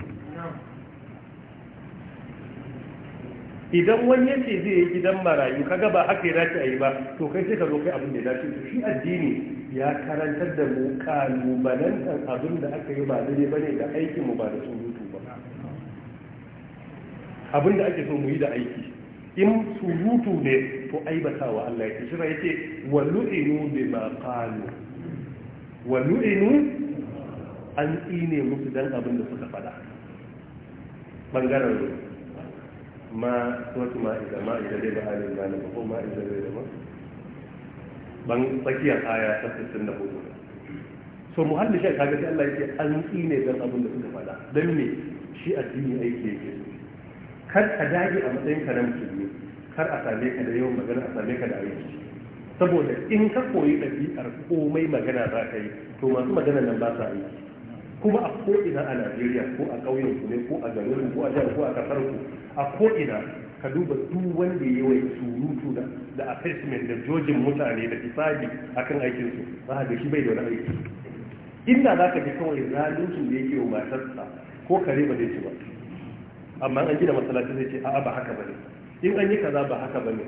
idan wani yake zai yi gidan marayu kaga ba haka ya dace a yi ba to kai sai ka zo kai abin da ya dace to shi addini ya karantar da mu kalubalantar abin da aka yi ba daidai bane da aikin mu ba da surutu ba abin da ake so mu yi da aiki in su surutu ne to sa wa Allah yake shi yake wa lu'inu ma qalu wa lu'inu an tsine musu dan abin da suka fada bangaren ma wato ma idan ma idan da ba halin malam ko ma idan da ma ban tsakiya aya ta 64 so muhalli shi kaga sai Allah yake an tsine dan abin da suka fada dan me shi addini aiki yake kar ka dage a matsayin ka na musulmi kar a same ka da yawan magana a same ka da aiki saboda in ka koyi ɗabi'ar komai magana za ka yi to masu magana nan ba sa aiki kuma a ko'ina a najeriya ko a ƙauyen ku ne ko a garin ko a jihar ko a kasar ku a ko ina ka duba duk wanda ya yi surutu da da assessment da jojin mutane da hisabi akan aikin su ba da shi bai da wani aiki inda za ka ji kawai zaluncin da yake wa matarsa ko kare ba zai ci ba amma an gina masallaci zai ce a'a ba haka bane in an yi kaza ba haka bane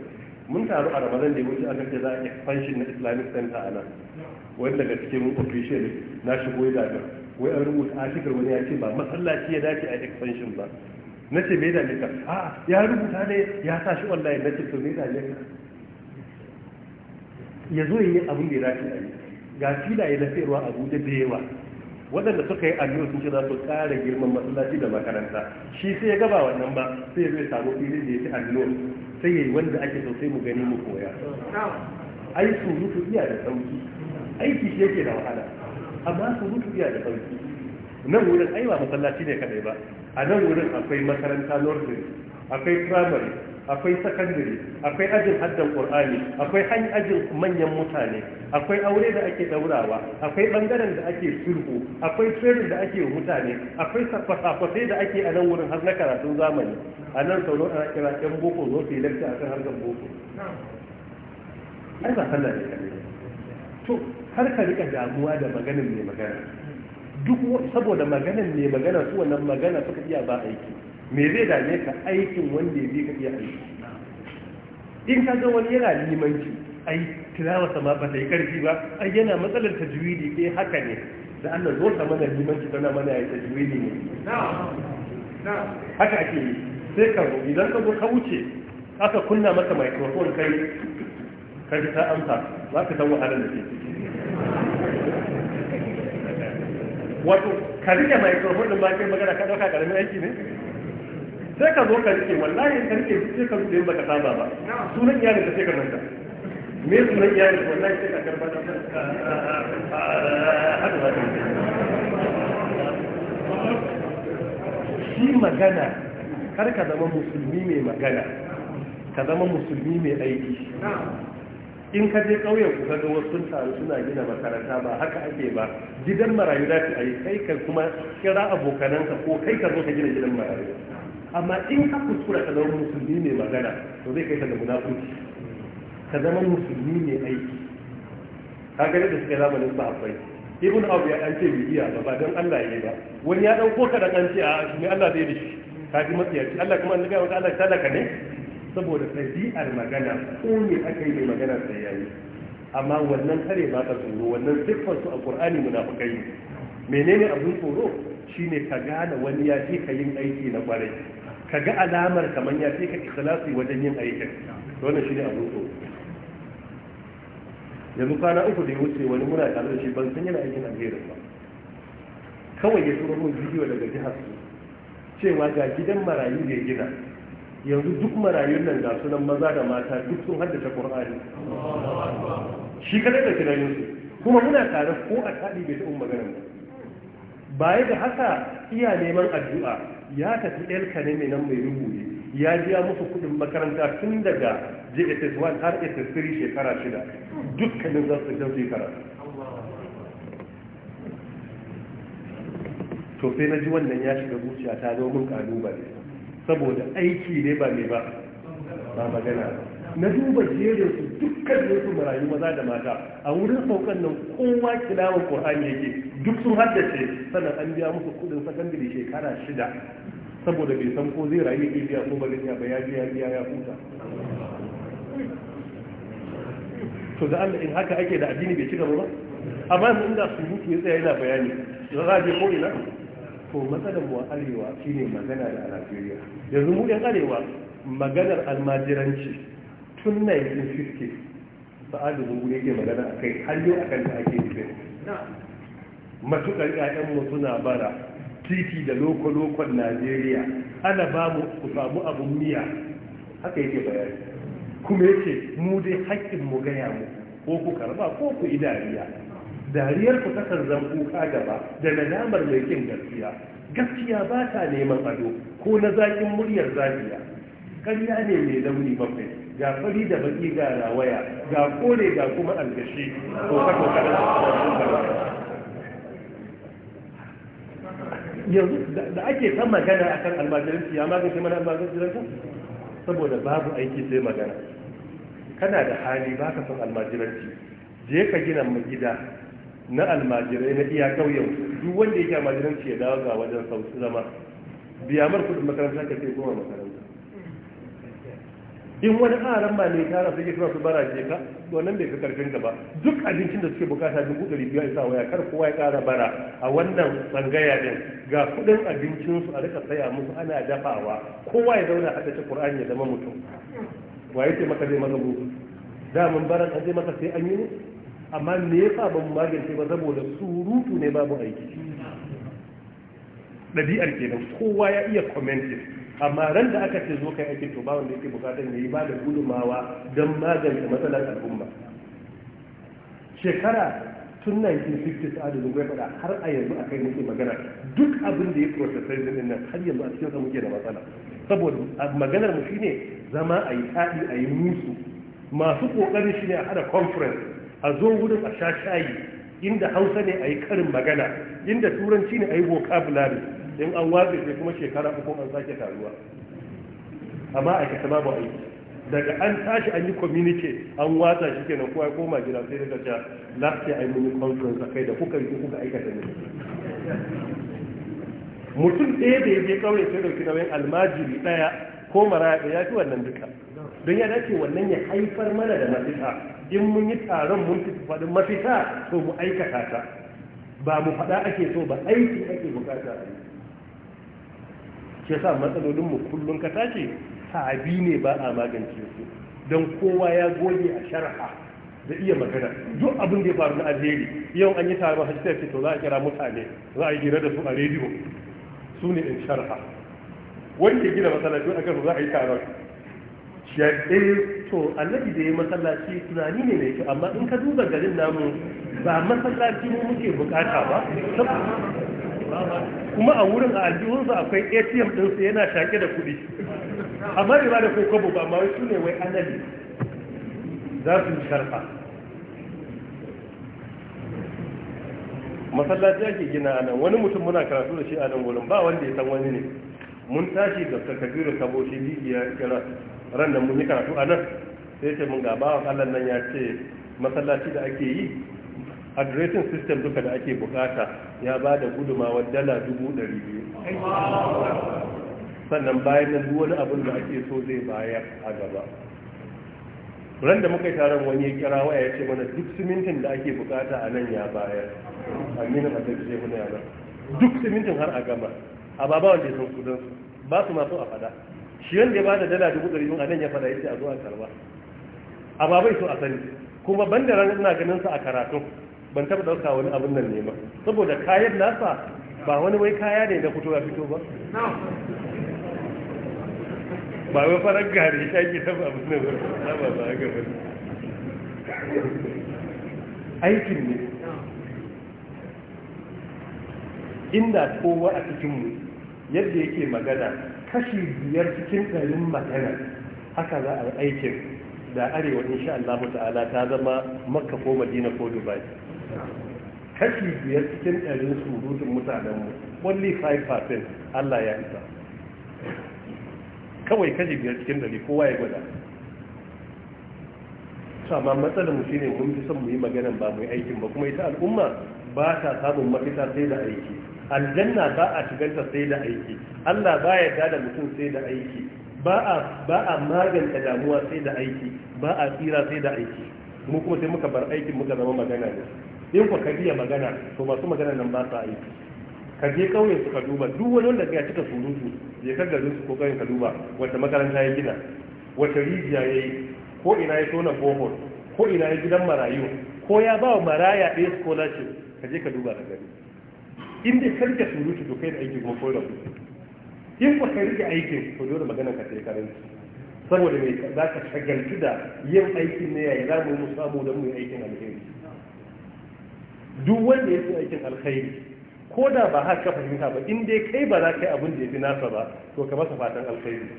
mun taru a ramadan da wuce aka ce za a expansion na islamic center a nan wani daga cikin official na shigo ya daga wai an rubuta article wani ya ce ba masallaci ya dace a expansion ba na ce me dame ka a ya rubuta ne ya sa shi wallahi na ce to me dame ka ya zo yi abin da ya dace a yi ga filaye na sayarwa abuja da yawa waɗanda suka yi allo sun ce za su ƙara girman masallaci da makaranta shi sai ya gaba wannan ba sai ya zai samu filin da ya ci aliyu sai ya yi wanda ake so sai mu gani mu koya ai mutu iya da sauki aiki shi yake da wahala amma mutu iya da sauki nan wurin ai ba masallaci ne kadai ba a nan wurin akwai makaranta nursery akwai primary akwai sakandare akwai ajin haddan qur'ani akwai han ajin manyan mutane akwai aure da ake daurawa akwai bangaren da ake sulhu akwai training da ake mutane akwai sakwasakwasai da ake a nan wurin har na karatun zamani a nan sauro a kira yan boko zo su yi lakta a kan harkar boko ai ba sallah ne kan to har ka rika damuwa da maganin mai magana duk saboda maganin mai magana su wannan magana suka iya ba aiki me zai dame ka aikin wanda ya bi ka iya aiki in ka ga wani yana limanci ai tilawa ma ba ta yi karfi ba ai yana matsalar tajwidi ke eh, haka ne da Allah zo ta mana limanci tana mana ya tajwidi ne haka ake yi sai ka zo idan ka zo ka wuce aka kunna maka microphone kai ka ji ta amsa za ka san wahalar da ke wato ka rike microphone ɗin ba kai magana ka dauka karamin aiki ne sai ka zo ka rike wallahi ka rike sai ka rike baka saba ba sunan iyali ka sai ka manta me sunan iyali wallahi sai ka karba da haka ba shi magana kar ka zama musulmi mai magana ka zama musulmi mai aiki in ka je ƙauyen ku ga wasu sun taru suna gina makaranta ba haka ake ba gidan marayu za ta yi kai ka kuma kira abokananka ko kai ka zo ka gina gidan marayu amma in ka kuskura ka zama musulmi mai magana to zai kai ka da munafiki ka zama musulmi mai aiki ka ga da suke zamanin ba sahabbai ibn abu ya dan ce bi iya ba don Allah ya yi ba wani ya dauko ka da an ce a shi Allah zai da shi ka ji matsiyaci Allah kuma an ga wata Allah ta laka ne saboda ɗabi'ar magana ko ne aka yi mai magana sai yayi amma wannan kare ba ka tsoro wannan siffar su a Qur'ani munafikai ne menene abin tsoro shine ka gane wani ya fi ka yin aiki na kwarai ka ga alamar kamar ya fi ka ikhlasi wajen yin aikin wannan ne abin so yanzu kwana uku da ya wuce wani muna tare da shi ban san yana aikin alherin ba kawai ya turo mun bidiyo daga jihar su cewa ga gidan marayu da ya gina yanzu duk marayun nan ga sunan maza da mata duk sun haddace qur'ani shi kadai da yin su kuma muna tare ko a tadi bai ta umma ganin ba baya da haka iya neman addu'a ya tafi el kaneme nan mai rubuce ya biya musu kudin makaranta tun daga jss 1 har ss3 shekara shida dukkanin za su jan shekara to sai na ji wannan ya shiga zuciya ta zo kalubale saboda aiki ne ba ne ba ba magana ba na duba jerin su dukkan ne su marayu maza da mata a wurin saukan nan kowa kilawan qur'ani yake duk sun haddace sannan an biya musu kudin sakandare shekara shida saboda bai san ko zai rayu ya biya ko ba zai ba ya biya biya ya huta to da Allah in haka ake da addini bai ci gaba ba amma mun da su mutu ya tsaya yana bayani za a je ko ina to matsalar mu arewa shine magana da a Najeriya yanzu mu yan arewa maganar almajiranci tun 1950 sa'adu zungu yake magana a kai har yau kan da ake yi matukar ƴaƴanmu suna bara titi da loko-lokon najeriya ana ba mu ku samu abun miya haka yake bayani kuma yake mu dai haƙƙin mu gaya mu ko ku karba ko ku idariya dariyar ku takan zan kuka gaba da nadamar mai kin gaskiya gaskiya ba ta neman ado ko na zaƙin muryar zafiya ƙarya ne mai launi bakwai ga fari da baki ga rawaya ga kore ga kuma algashi ko kaka kada yanzu da ake kan magana akan almajiranci ya magance mana almajiranci saboda babu aiki sai magana kana da hali ba ka son almajiranci je ka gina gida na almajirai na iya ƙauyen duk wanda yake almajiranci ya dawo ga wajen sauki zama biya mar kudin makaranta ka sai goma makaranta in wani aran ba ne tara suke suna su bara je ka wannan bai fi karfin gaba. ba duk abincin da suke bukata dubu ɗari biyu a isa waya kar kowa ya ƙara bara a wannan tsangaya din ga kuɗin abincinsu a rika saya musu ana dafawa kowa ya zauna a tace qur'ani ya zama mutum wa yake maka zai maka gudu da mun baran an zai maka sai an yi amma me yasa ba mu magance ba saboda surutu ne babu aiki ɗabi'ar kenan kowa ya iya commenting amma ran da aka ce zo kai aikin to ba wanda yake bukatar ya yi ba da gudunmawa don magance matsalar al'umma shekara tun 1950 adadin gwai fada har a yanzu a kai muke magana duk abin da ya processai din nan har yanzu a cikin muke da matsala saboda maganar mu shine zama a yi haɗi a yi musu masu shi shine a hada conference a zo wurin a sha shayi inda hausa ne a yi karin magana inda turanci ne a yi vocabulary in an watsa sai kuma shekara uku an sake taruwa amma a kasa babu aiki daga an tashi an yi communique an watsa shi kenan kowa ya koma gida sai daga ta lafiya ai mini conference akai da kuka yi kuka aikata ne mutum ɗaya da ya je kawai sai dauki nauyin almajiri ɗaya ko maraya ya fi wannan duka don ya dace wannan ya haifar mana da mafita in mun yi taron mun fi faɗin mafita to mu aikata ta ba mu faɗa ake so ba aiki ake bukata a yi ke yasa matsalolin mu kullun ka tashi sahabi ne ba a magance su don kowa ya goge a sharha da iya magana duk abin da ya faru na alheri yau an yi taron hajji sai to za a kira mutane za a yi da su a rediyo su ne in sharha wanda ya gina masallaci a kan za a yi taron shi ya eh, to annabi da ya masallaci tunani ne mai kyau amma in ka duba garin namu ba masallaci mu muke bukata ba kuma a wurin a aljihunsu akwai atm ɗinsu yana shaƙe da kuɗi amma bai ba da kai kwabo ba amma su ne wai anali za su yi sharfa masallaci ake gina a nan wani mutum muna karatu da shi a nan wurin ba wanda ya san wani ne mun tashi da kabiru kabo shi bibiya kira ran da mun yi karatu a nan sai ce mun ga bawan nan ya ce masallaci da ake yi addressing system duka da ake bukata ya ba da gudumawa dala dubu ɗari biyu sannan bayan na wani abin da ake so zai bayar a gaba ran da muka taron wani ya kira waya ya ce mana duk simintin da ake bukata a nan ya bayar aminu a zai shehu yana duk simintin har a gama a baba wanda ya san kudin su ba su masu a fada shi yadda ya ba da dala dubu ɗari biyu a nan ya fada ya ce a zo a karba a babai su a sani kuma ban da ranar ina ganin su a karatun ban taɓa ɗauka wani abin nan ne ba saboda kayan nasa ba wani wai kaya ne na fito ya fito ba ba wai farar gari ya ke taɓa abin nan ba ba ba ga ba aikin ne inda kowa a cikinmu yadda yake magana kashi biyar cikin ɗarin magana haka za a aikin da arewa insha Allah ta'ala ta zama makka ko madina ko dubai kashi biyar cikin ɗarin surutun mutanenmu only 5% Allah ya isa kawai kashi biyar cikin ɗari kowa ya gwada sama matsalar mu shine mun fi son mu yi maganan ba mu yi aikin ba kuma ita al'umma ba ta samun mafita sai da aiki aljanna ba a shiganta sai da aiki Allah ba ya da mutum sai da aiki ba a ba a maganta damuwa sai da aiki ba a tsira sai da aiki mu kuma sai muka bar aikin muka zama magana ne in ku ka biya magana to masu magana nan ba sa aiki ka je ƙauyen su ka duba duk wani wanda ya cika surutu je ka garin su ko kauyen ka duba wata makaranta ya gina wata rijiya ya yi ko ina ya tona bohol ko ina ya gidan marayu ko ya ba wa maraya ɗaya scholarship ka je ka duba da gari in dai karke surutu to kai da aiki kuma ko da in ku ka rike aikin to dole magana ka sai karanci saboda mai za ka shagaltu da yin aikin ne yayi za mu samu don mu yi aikin alheri duk wanda ya fi aikin alkhairi ko da ba haka fahimta ba inda kai ba za ka yi abin da ya fi nasa ba to ka masa fatan alkhairi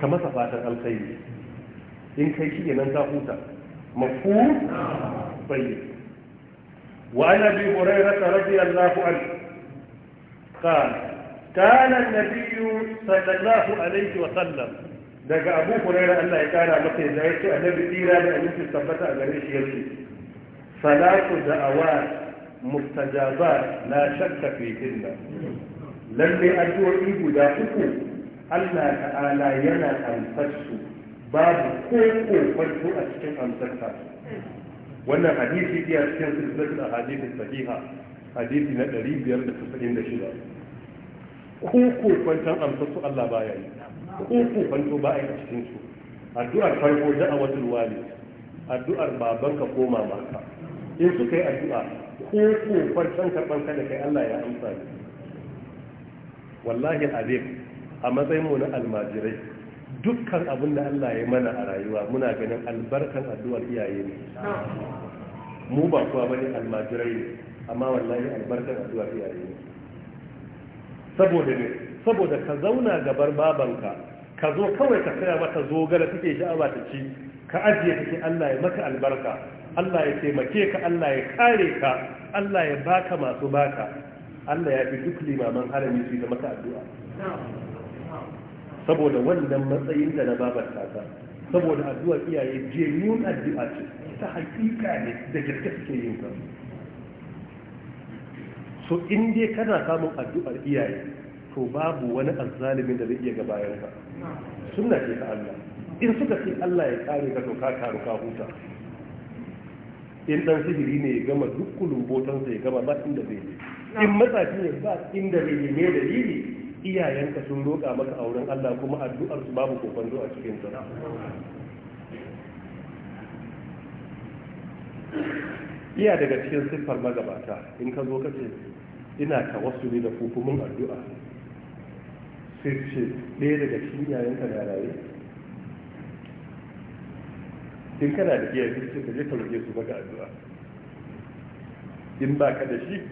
ka masa fatan alkhairi in kai shi nan ta huta mafu bayi wa ana bi rabi allahu anhu ka kana nabiyu sallallahu alaihi wa sallam daga abu hurairar Allah ya kara masa yadda ya ce annabi tsira da aminci tabbata a gare shi yake salatu da'awa mustajabat na shakka fi hinna lalle addu'o'i guda uku Allah ta'ala yana amsar su babu ko kofarto a cikin amsar ta wannan hadisi iya cikin silsilatul ahadith sahiha hadisi na 596 ko kofantan amsar su Allah baya yi ko kofanto ba a yi a cikin su addu'ar farko da'awatul walid addu'ar babanka ko mamarka in suka yi addu'a ko ko can karban kada da kai Allah ya amsa ni wallahi azim a matsayin mu na almajirai dukkan abin da Allah ya mana a rayuwa muna ganin albarkan addu'ar iyaye ne mu ba kuwa bane almajirai ne amma wallahi albarkan addu'ar iyaye ne saboda ne saboda ka zauna gabar babanka ka zo kawai ka tsaya mata zogara take sha'awa ta ci ka ajiye take Allah ya maka albarka Allah ya taimake ka Allah ya kare ka Allah ya baka masu baka Allah ya fi duk limaman harami su da maka addu'a saboda wannan matsayin da na babar tata saboda addu'a iyaye genuine addu'a ce ta hakika ne da gaske suke yin ka so in dai kana samun addu'ar iyaye to babu wani azzalimin da zai iya gabayar ka sunna ce ta Allah in suka ce Allah ya kare ka to ka karu ka huta in dan sihiri ne ya gama duk kulumbotan ya gama ba inda zai je in matsafi ne ba inda zai je ne dalili iyayenka sun roƙa maka auren Allah kuma addu'ar su babu kokon a cikin sa iya daga cikin siffar magabata in ka zo ka ce ina ka wasu ne da kukumin addu'a sai ce ɗaya daga cikin iyayenka na raye in kana da iyaye sai ka je ka roƙe su maka addu'a in ba ka da shi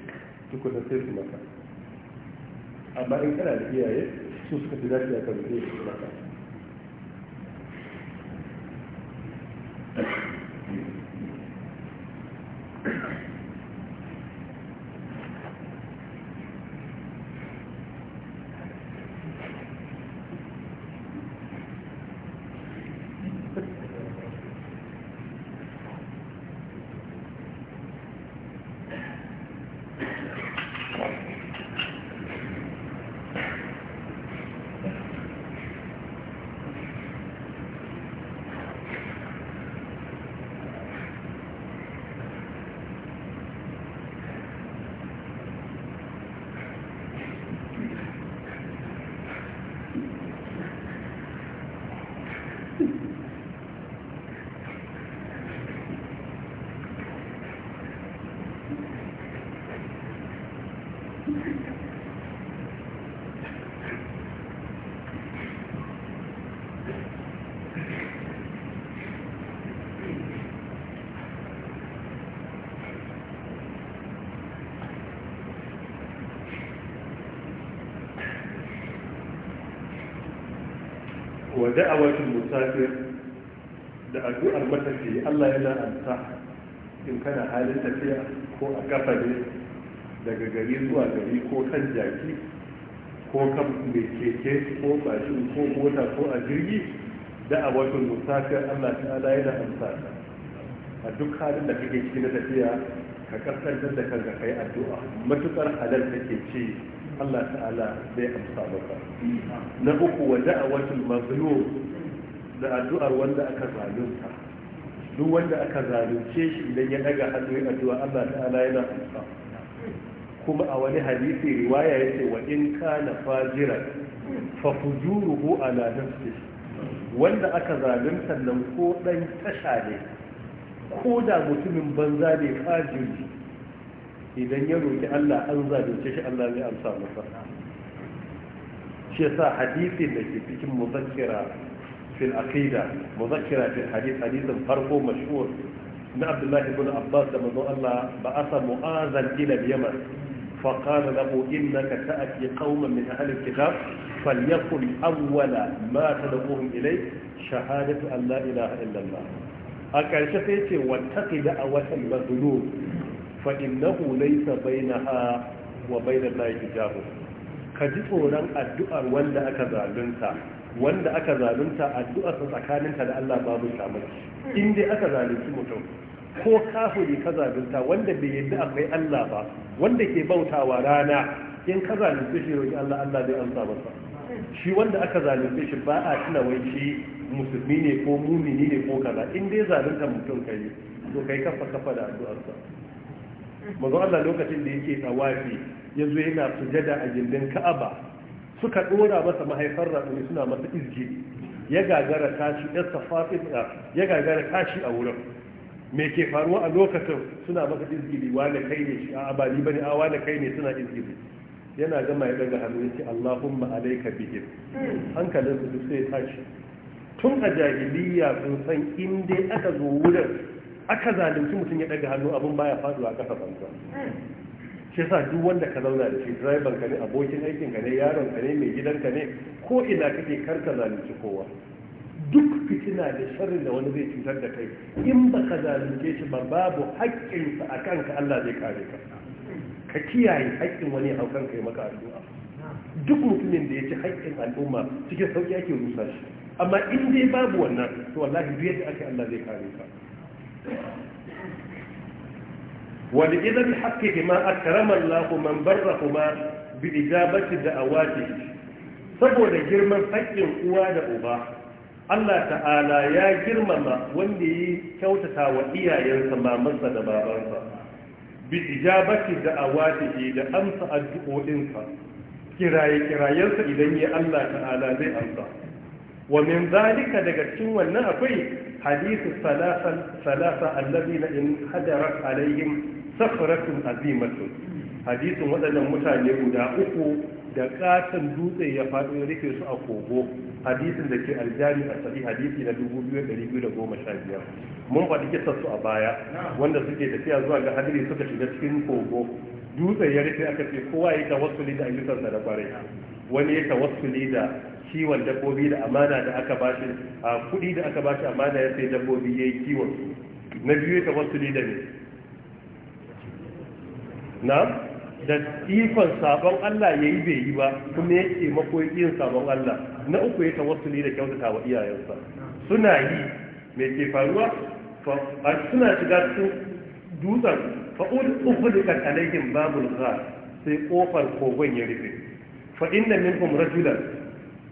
da sai su maka amma in kana da iyaye su suka fi dace ka roƙe su maka Thank you. wa da'awatul musafir da addu'ar matafi Allah yana amsa in kana halin tafiya ko a kafa ne daga gari zuwa gari ko kan jaki ko kan mai keke ko bashin ko mota ko a jirgi da'awatul musafir Allah ta'ala yana amsa a duk halin da kake cikin tafiya ka kaskantar da kanka kai addu'a matukar halal take ce Allah ta'ala zai amsa maka na uku wa da'awatul mazlum da addu'ar wanda aka zalunta duk wanda aka zalunce shi idan ya daga hannu ya addu'a Allah ta'ala yana amsa kuma a wani hadisi riwaya yace wa in kana fajiran fa fujuruhu ala nafsihi wanda aka zalunta nan ko dan tasha ne ko da mutumin banza ne fajiri idan ya roki Allah an zalunce shi Allah zai amsa masa shi yasa hadisin da ke cikin muzakkira fil aqida muzakkira fil hadith hadisin farko mashhur na Abdullah ibn Abbas da manzon Allah ba asa mu'azan ila Yaman fa qala lahu innaka ta'ti qauman min ahli al-kitab falyakul awwala ma tad'uhum ilay shahadatu an la ilaha illa Allah a ƙarshe sai ce a da'awatal mazlum fa innahu laysa bainaha wa bainal lahi hijabu ka ji tsoron addu'ar wanda aka zalunta wanda aka zalunta addu'ar sa tsakaninta da Allah babu shamaki in dai aka zalunci mutum ko kafiri ka zalunta wanda bai yadda akwai Allah ba wanda ke bautawa rana in ka zalunce shi roki Allah Allah zai amsa masa shi wanda aka zalunce shi ba a tuna wai shi musulmi ne ko mumini ne ko kaza in dai zalunta mutum kai to kai kafa kafa da addu'arsa manzo Allah lokacin da yake tawafi yazo yana sujada a gindin Ka'aba suka dora masa mahaifar ratsuni suna masa izgi ya gagara tashi ɗansa fatima ya gagara tashi a wurin me ke faruwa a lokacin suna masa wa da kai ne shi a bali bane a da kai ne suna izgi yana gama ya daga hannu ya Allahumma alayka bihim hankalin su duk sai tashi tun a jahiliya sun san in dai aka zo wurin aka zalunci mutum ya daga hannu abin baya faduwa kasa banza shi yasa duk wanda ka zauna da shi driver ka ne abokin aikin ka ne yaron ka ne mai gidan ka ne ko ina kake kar ka zalunci kowa duk fitina da sharrin da wani zai cutar da kai in ba ka zalunce shi ba babu haƙƙinsa a kanka Allah zai kare ka ka kiyaye haƙƙin wani haukan kai maka addu'a duk mutumin da ya ci haƙƙin al'umma cikin sauki ake rusa shi amma in dai babu wannan to wallahi duk yadda ake Allah zai kare ka ولإذا بحقهما أكرم الله من da a دعواته saboda girman haƙƙin uwa da uba Allah ta'ala ya girmama wanda ya kyautata wa iyayensa mamansa da babansa bi ijabati da awatihi da amsa addu'o'insa kiraye kirayensa idan ya Allah ta'ala zai amsa wa min zalika daga cikin wannan akwai حديث الثلاثة الثلاثة 'yan إن حدرت عليهم صخرة عظيمة حديث ودنا متاني guda uku da katon dutse ya faɗo ya rufe su a kogo hadisin da ke aljami a sahih hadisi na 2215 mun faɗi kisar su a baya wanda suke tafiya zuwa ga hadiri suka shiga cikin kogo dutse ya rufe aka ce kowa ya tawassuli da ayyukansa da kwarai wani ya tawassuli da kiwon dabbobi da amana da aka bashi a kuɗi da aka bashi amana ya sai dabbobi ya yi kiwon su na biyu ya tawassuli da ne na da ikon sabon Allah ya yi bai yi ba kuma ya ce makoyin sabon Allah na uku ya tawassuli da kyautata wa iyayensa suna yi mai ke faruwa suna shiga su dutsen fa'ud uku da babul ghar sai kofar kogon ya rufe fa inna minhum rajulan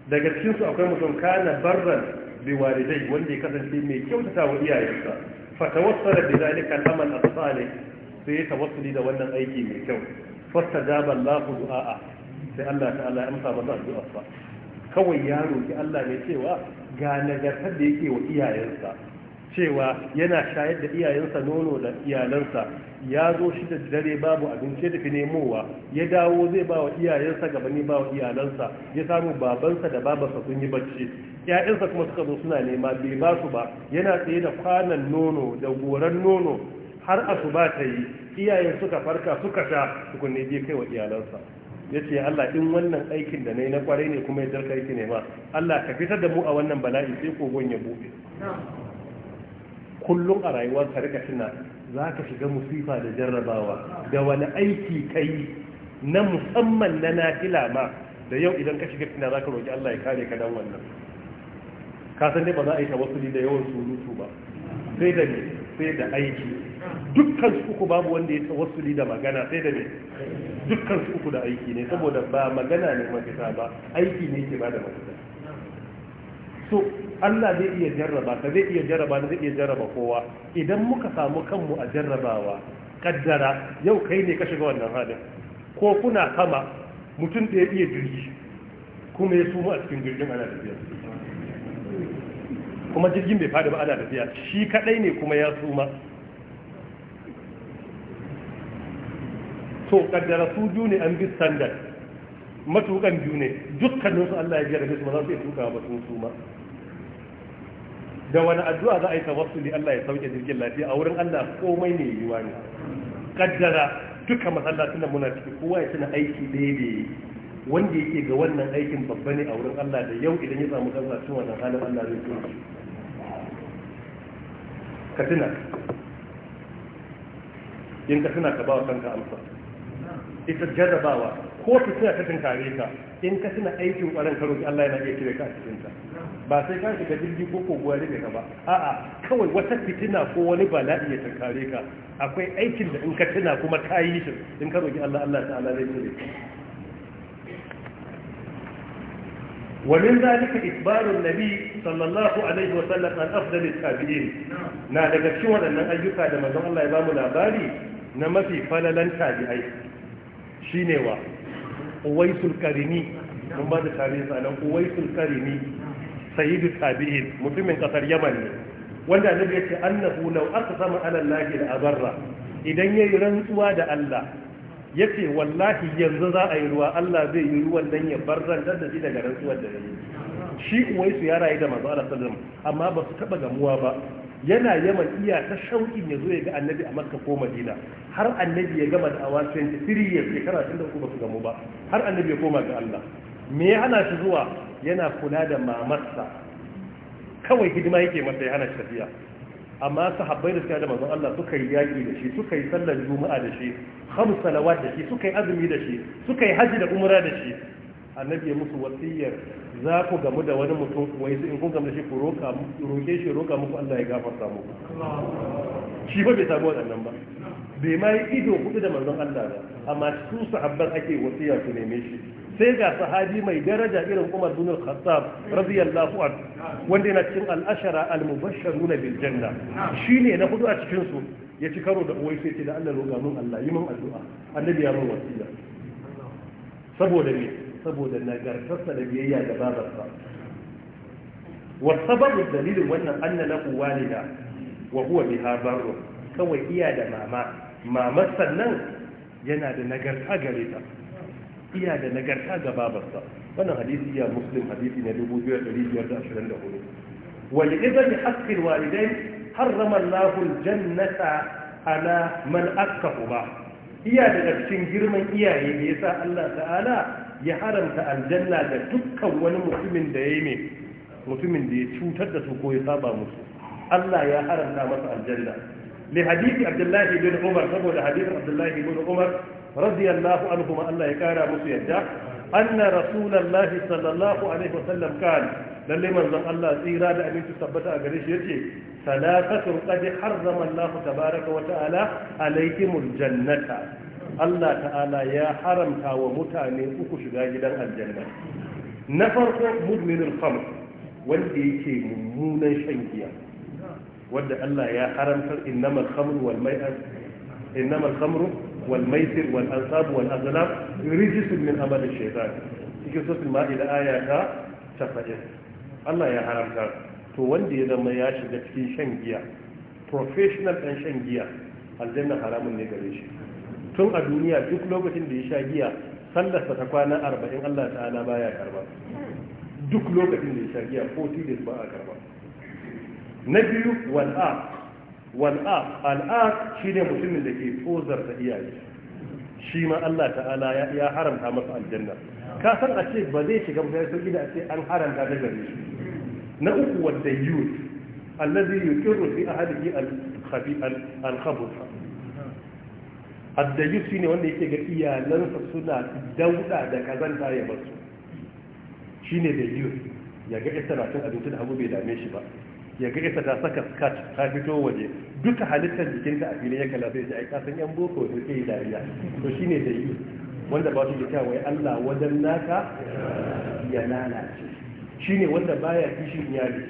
daga cikin su akwai mutum kana barran bi walidai wanda ya kasance mai kyautata wa iyayensa fa tawassala da zalika al-amal as-salih sai ya tawassuli da wannan aiki mai kyau fastajaba Allahu du'a sai Allah ta'ala ya amsa masa addu'arsa kawai ya roki Allah ne cewa ga nagartar da yake wa iyayensa cewa yana shayar da iyayensa nono da iyalansa ya zo shi da dare babu abinci da nemowa ya dawo zai ba wa iyayensa gabani ba wa iyalansa ya samu babansa da babansa sun yi bacci ƴaƴansa kuma suka zo suna nema bai ba su ba yana tsaye da kwanan nono da goran nono har asuba ta yi iyayen suka farka suka sha tukunne je kai wa iyalansa ya ce Allah in wannan aikin da na yi na kwarai ne kuma ya jarka aiki ne ba Allah ka fitar da mu a wannan bala'i sai kogon ya buɗe kullum a rayuwar ka rika tuna za ka shiga musifa da jarrabawa da wani aiki kai na musamman na nafila ma da yau idan ka shiga tuna za ka roƙi Allah ya kare ka dan wannan ka san ba za a yi tawassuli da yawan surutu ba sai da me sai da aiki dukkan su uku babu wanda ya tawassuli da magana sai da me dukkan su uku da aiki ne saboda ba magana ne mafita ba aiki ne ke ba da mafita so Allah zai iya jarraba ka zai iya jarraba zai iya jarraba kowa idan muka samu kanmu a jarrabawa kaddara yau kai ne ka shiga wannan halin ko kuna sama mutum da ya iya jirgi kuma ya suma a cikin jirgin ana tafiya kuma jirgin bai fadi ba ana tafiya shi kadai ne kuma ya suma to kaddara su biyu ne an bi standard matukan biyu ne dukkaninsu Allah ya jira su ba za su iya tuka ba sun suma da wani addu'a za a yi tawassuli Allah ya sauke jirgin lafiya a wurin Allah komai ne yiwuwa ne kaddara duka masallacin da muna ciki kowa ya tana aiki daidai. wanda yake ga wannan aikin babba ne a wurin Allah da yau idan ya samu kansa cikin wannan halin Allah zai so shi ka tuna in ka tuna ka ba wa kanka amsa ita jarrabawa ko fitina ta kare ka in ka tuna aikin ƙwaron ka roƙi Allah yana iya kire ka a cikin ta ba sai ka shiga jirgi ko ya ne ka ba a'a kawai wata fitina ko wani bala'i ya tunkare ka akwai aikin da in ka tuna kuma ka yi shi in ka roƙi Allah Allah ta'ala zai kire ka ومن ذلك إخبار النبي صلى الله عليه وسلم عن أفضل التابعين نا daga cikin waɗannan ayyuka da manzon Allah ya bamu labari na mafi falalan tabi'ai shine wa uwaisul karimi mun ba da tarihi sanan uwaisul karimi sayyidu tabi'in mutumin kasar yaman ne wanda annabi ya ce annahu law aqsama ala allahi la abarra idan yayi rantsuwa da Allah yace wallahi yanzu za a yi ruwa Allah zai yi ruwan dan ya bar da shi daga rantsuwar da yayi shi uwaisu ya rayu da manzo Allah sallallahu amma ba su taba gamuwa ba yana yaman iya ta shauƙin ya zo ya ga annabi a makka ko madina har annabi ya gama da awa 23 years shekara 23 ba su gamu ba har annabi ya koma ga Allah me ya hana shi zuwa yana kula da mamarsa kawai hidima yake masa ya hana shi tafiya amma sahabbai da suka da manzon Allah suka yi yaki da shi suka yi sallar juma'a da shi khamsu salawat da shi suka yi azumi da shi suka yi haji da umra da shi annabi ya musu wasiyar za ku gamu da wani mutum wai su in kun gamu da shi ku roka roke shi roka muku Allah ya gafarta muku shi ba bai samu waɗannan ba bai ma yi ido kudu da manzon Allah ba amma su sahabban ake wasiya su neme shi sai ga sahabi mai daraja irin Umar bin Al-Khattab radiyallahu anhu wanda yana cikin al-ashara al-mubashsharun bil janna shine na hudu a cikin su ya ci karo da uwai sai ce da Allah roga mun Allah yi mun addu'a annabi ya mun wasiya saboda me saboda nagartarsa da biyayya da babarsa wasababu dalilin wannan anna lahu walida wa huwa biha barru kawai iya da mama mama sannan yana da nagarta gare ta iya da nagarta ga babarsa wannan hadisi ya muslim hadisi na 2524 wal idan haqqil walidain harrama Allahu al-jannata ala man aqqa ba iya daga cikin girman iyaye da yasa Allah ta'ala ya haramta aljanna da dukkan wani mutumin da ya yi mutumin da ya cutar da su ko ya saba musu Allah ya haramta masa aljanna li hadisi Abdullahi bin Umar saboda hadisin Abdullahi bin Umar radiyallahu anhu ma Allah ya kara musu yadda anna rasulullahi sallallahu alaihi wasallam kan lalle manzon Allah tsira da aminci tabbata a gare shi yace salatatu qad harrama Allah tabaaraka wa ta'ala alaykumul jannata Allah ta'ala ya haramta wa mutane uku shiga gidan aljanna na farko mudminul khamr wanda yake mummunan shan giya wanda Allah ya haramtar innamal khamru wal mai'at innamal khamru wal maisir wal ansab wal azlam rijsun min amal shaytan cikin suratul ma'ida aya ta 70 Allah ya haramta to wanda ya zama ya shiga cikin shan giya professional dan shan giya aljanna haramun ne gare shi tun a duniya duk lokacin da ya sha giya sallarsa ta kwana arba'in Allah ta'ala baya karba duk lokacin da ya sha giya 40 days ba a karba na biyu wal'a wal'a al'a shine mutumin da ke tsozar da iyaye shi ma Allah ta'ala ya haramta masa aljanna ka san a ce ba zai shiga mutane sauki da a ce an haramta da gare shi na uku wadda yut allazi yuqirru fi ahadihi al-khabi al-khabutha shi ne wanda yake ga iyalansa suna dauda da kazanta ya basu Shi ne Dalilu. ya ga ita na cin abinci da abu bai dame shi ba ya ga ita ta saka skat ta fito waje duka halittar jikinta a filin ya kala a ai kasan yan boko da ke dariya to shi ne Dalilu wanda ba su da cewa Allah wajen naka ya lalace Shi ne wanda baya kishin iyali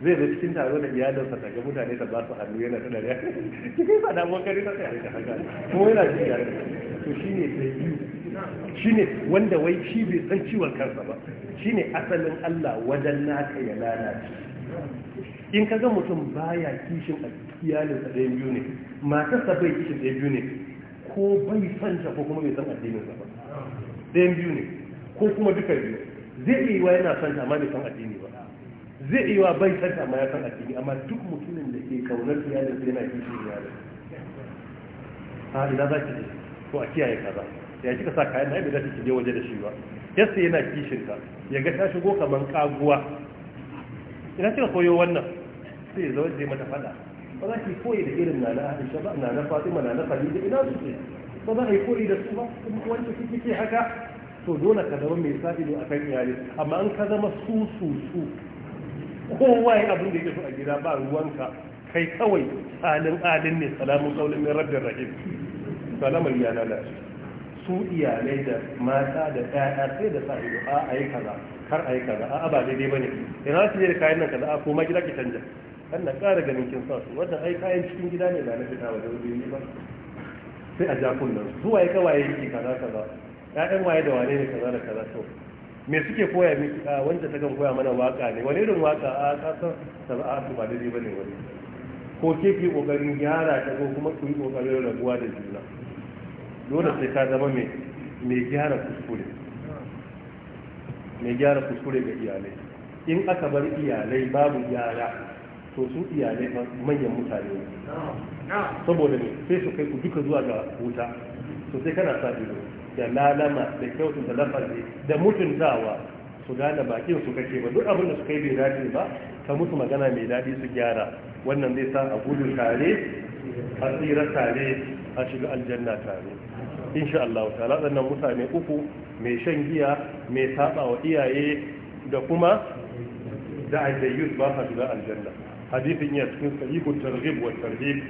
zai zai cikin taro da iyalinsa daga mutane da ba su hannu yana ta dariya cikin fada bokari ta tsaye da haka kuma yana cikin yare to shine sai biyu shine wanda wai shi bai san ciwon kansa ba shine asalin Allah wajen naka ya lalace in kaga mutum baya kishin a iyalinsa ɗaya biyu ne matarsa bai kishin ɗaya biyu ne ko bai san ta ko kuma bai san addinin sa ba ɗayan biyu ne ko kuma duka biyu zai iya yi wa yana son ta amma bai san addini ba zai iya bai san amma ya san addini amma duk mutumin da ke kaunar iyalin sai yana kishin da ha ina za ki ko a kiyaye kaza ya kika sa kayan na da ki je waje da shi ba yasta yana kishin ka ya ga ta shigo kaman kaguwa ina kika koyo wannan sai ya zama mata fada ba za ki koyi da irin nana Aisha ba nana Fatima nana Khadija ina su ce ba za ka yi koyi da su ba kuma wanda kike haka to dole ka zama mai sa ido akan iyali amma an ka zama su su su kowa ya abin da yake so a gida ba ruwanka kai kawai halin alin ne salamun kaulin min rabbin rahim salamun ya lalace su iyalai da mata da ɗaya sai da sa ido a ayi kaza kar ayi kaza a ba daidai in za su yi da kayan nan kaza a koma gida ki canja kan na ƙara ganin kin sa su wannan ai kayan cikin gida ne ba na fita waje ne ba sai a ja kunnan su waye kawaye ki kaza kaza Ya'yan waye da wane ne kaza da kaza to me suke koya miki a ah, wanda ta kan koya mana waka ne wani irin waka ah, a kasar sana'atu ba daidai bane wani ko ke ki kokarin gyara ta ko kuma ku yi kokarin rabuwa da juna dole sai ka zama mai mai gyara kuskure mai gyara kuskure ga iyalai in aka bar iyalai babu gyara to su iyalai manyan mutane ne saboda ne sai su kai ku duka zuwa ga wuta to sai kana sa ido da lalama da kyautata lafazi da mutuntawa su gane bakin su kake ba duk abin da suka yi bai dace ba ka mutu magana mai daɗi su gyara wannan zai sa a gudu tare a tsira tare a shiga aljanna tare insha Allah ta'ala sannan mutane uku mai shan giya mai saba wa iyaye da kuma da ayyayyus ba sa shiga aljanna hadisin ya cikin sahihut targhib wa tarhib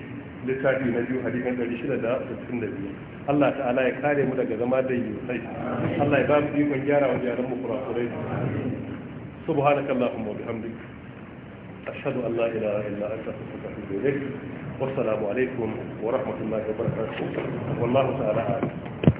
littafi na biyu hadisan ɗari shida da sittin da biyu Allah ta'ala ya kare mu daga zama da sai Allah ya ba mu ikon gyara wa jaran mu kurakurai subhanaka allahumma wa bihamdik ashhadu an la ilaha illa anta astaghfiruka wa atubu ilaik wassalamu alaikum wa rahmatullahi wa barakatuh wallahu ta'ala a'lam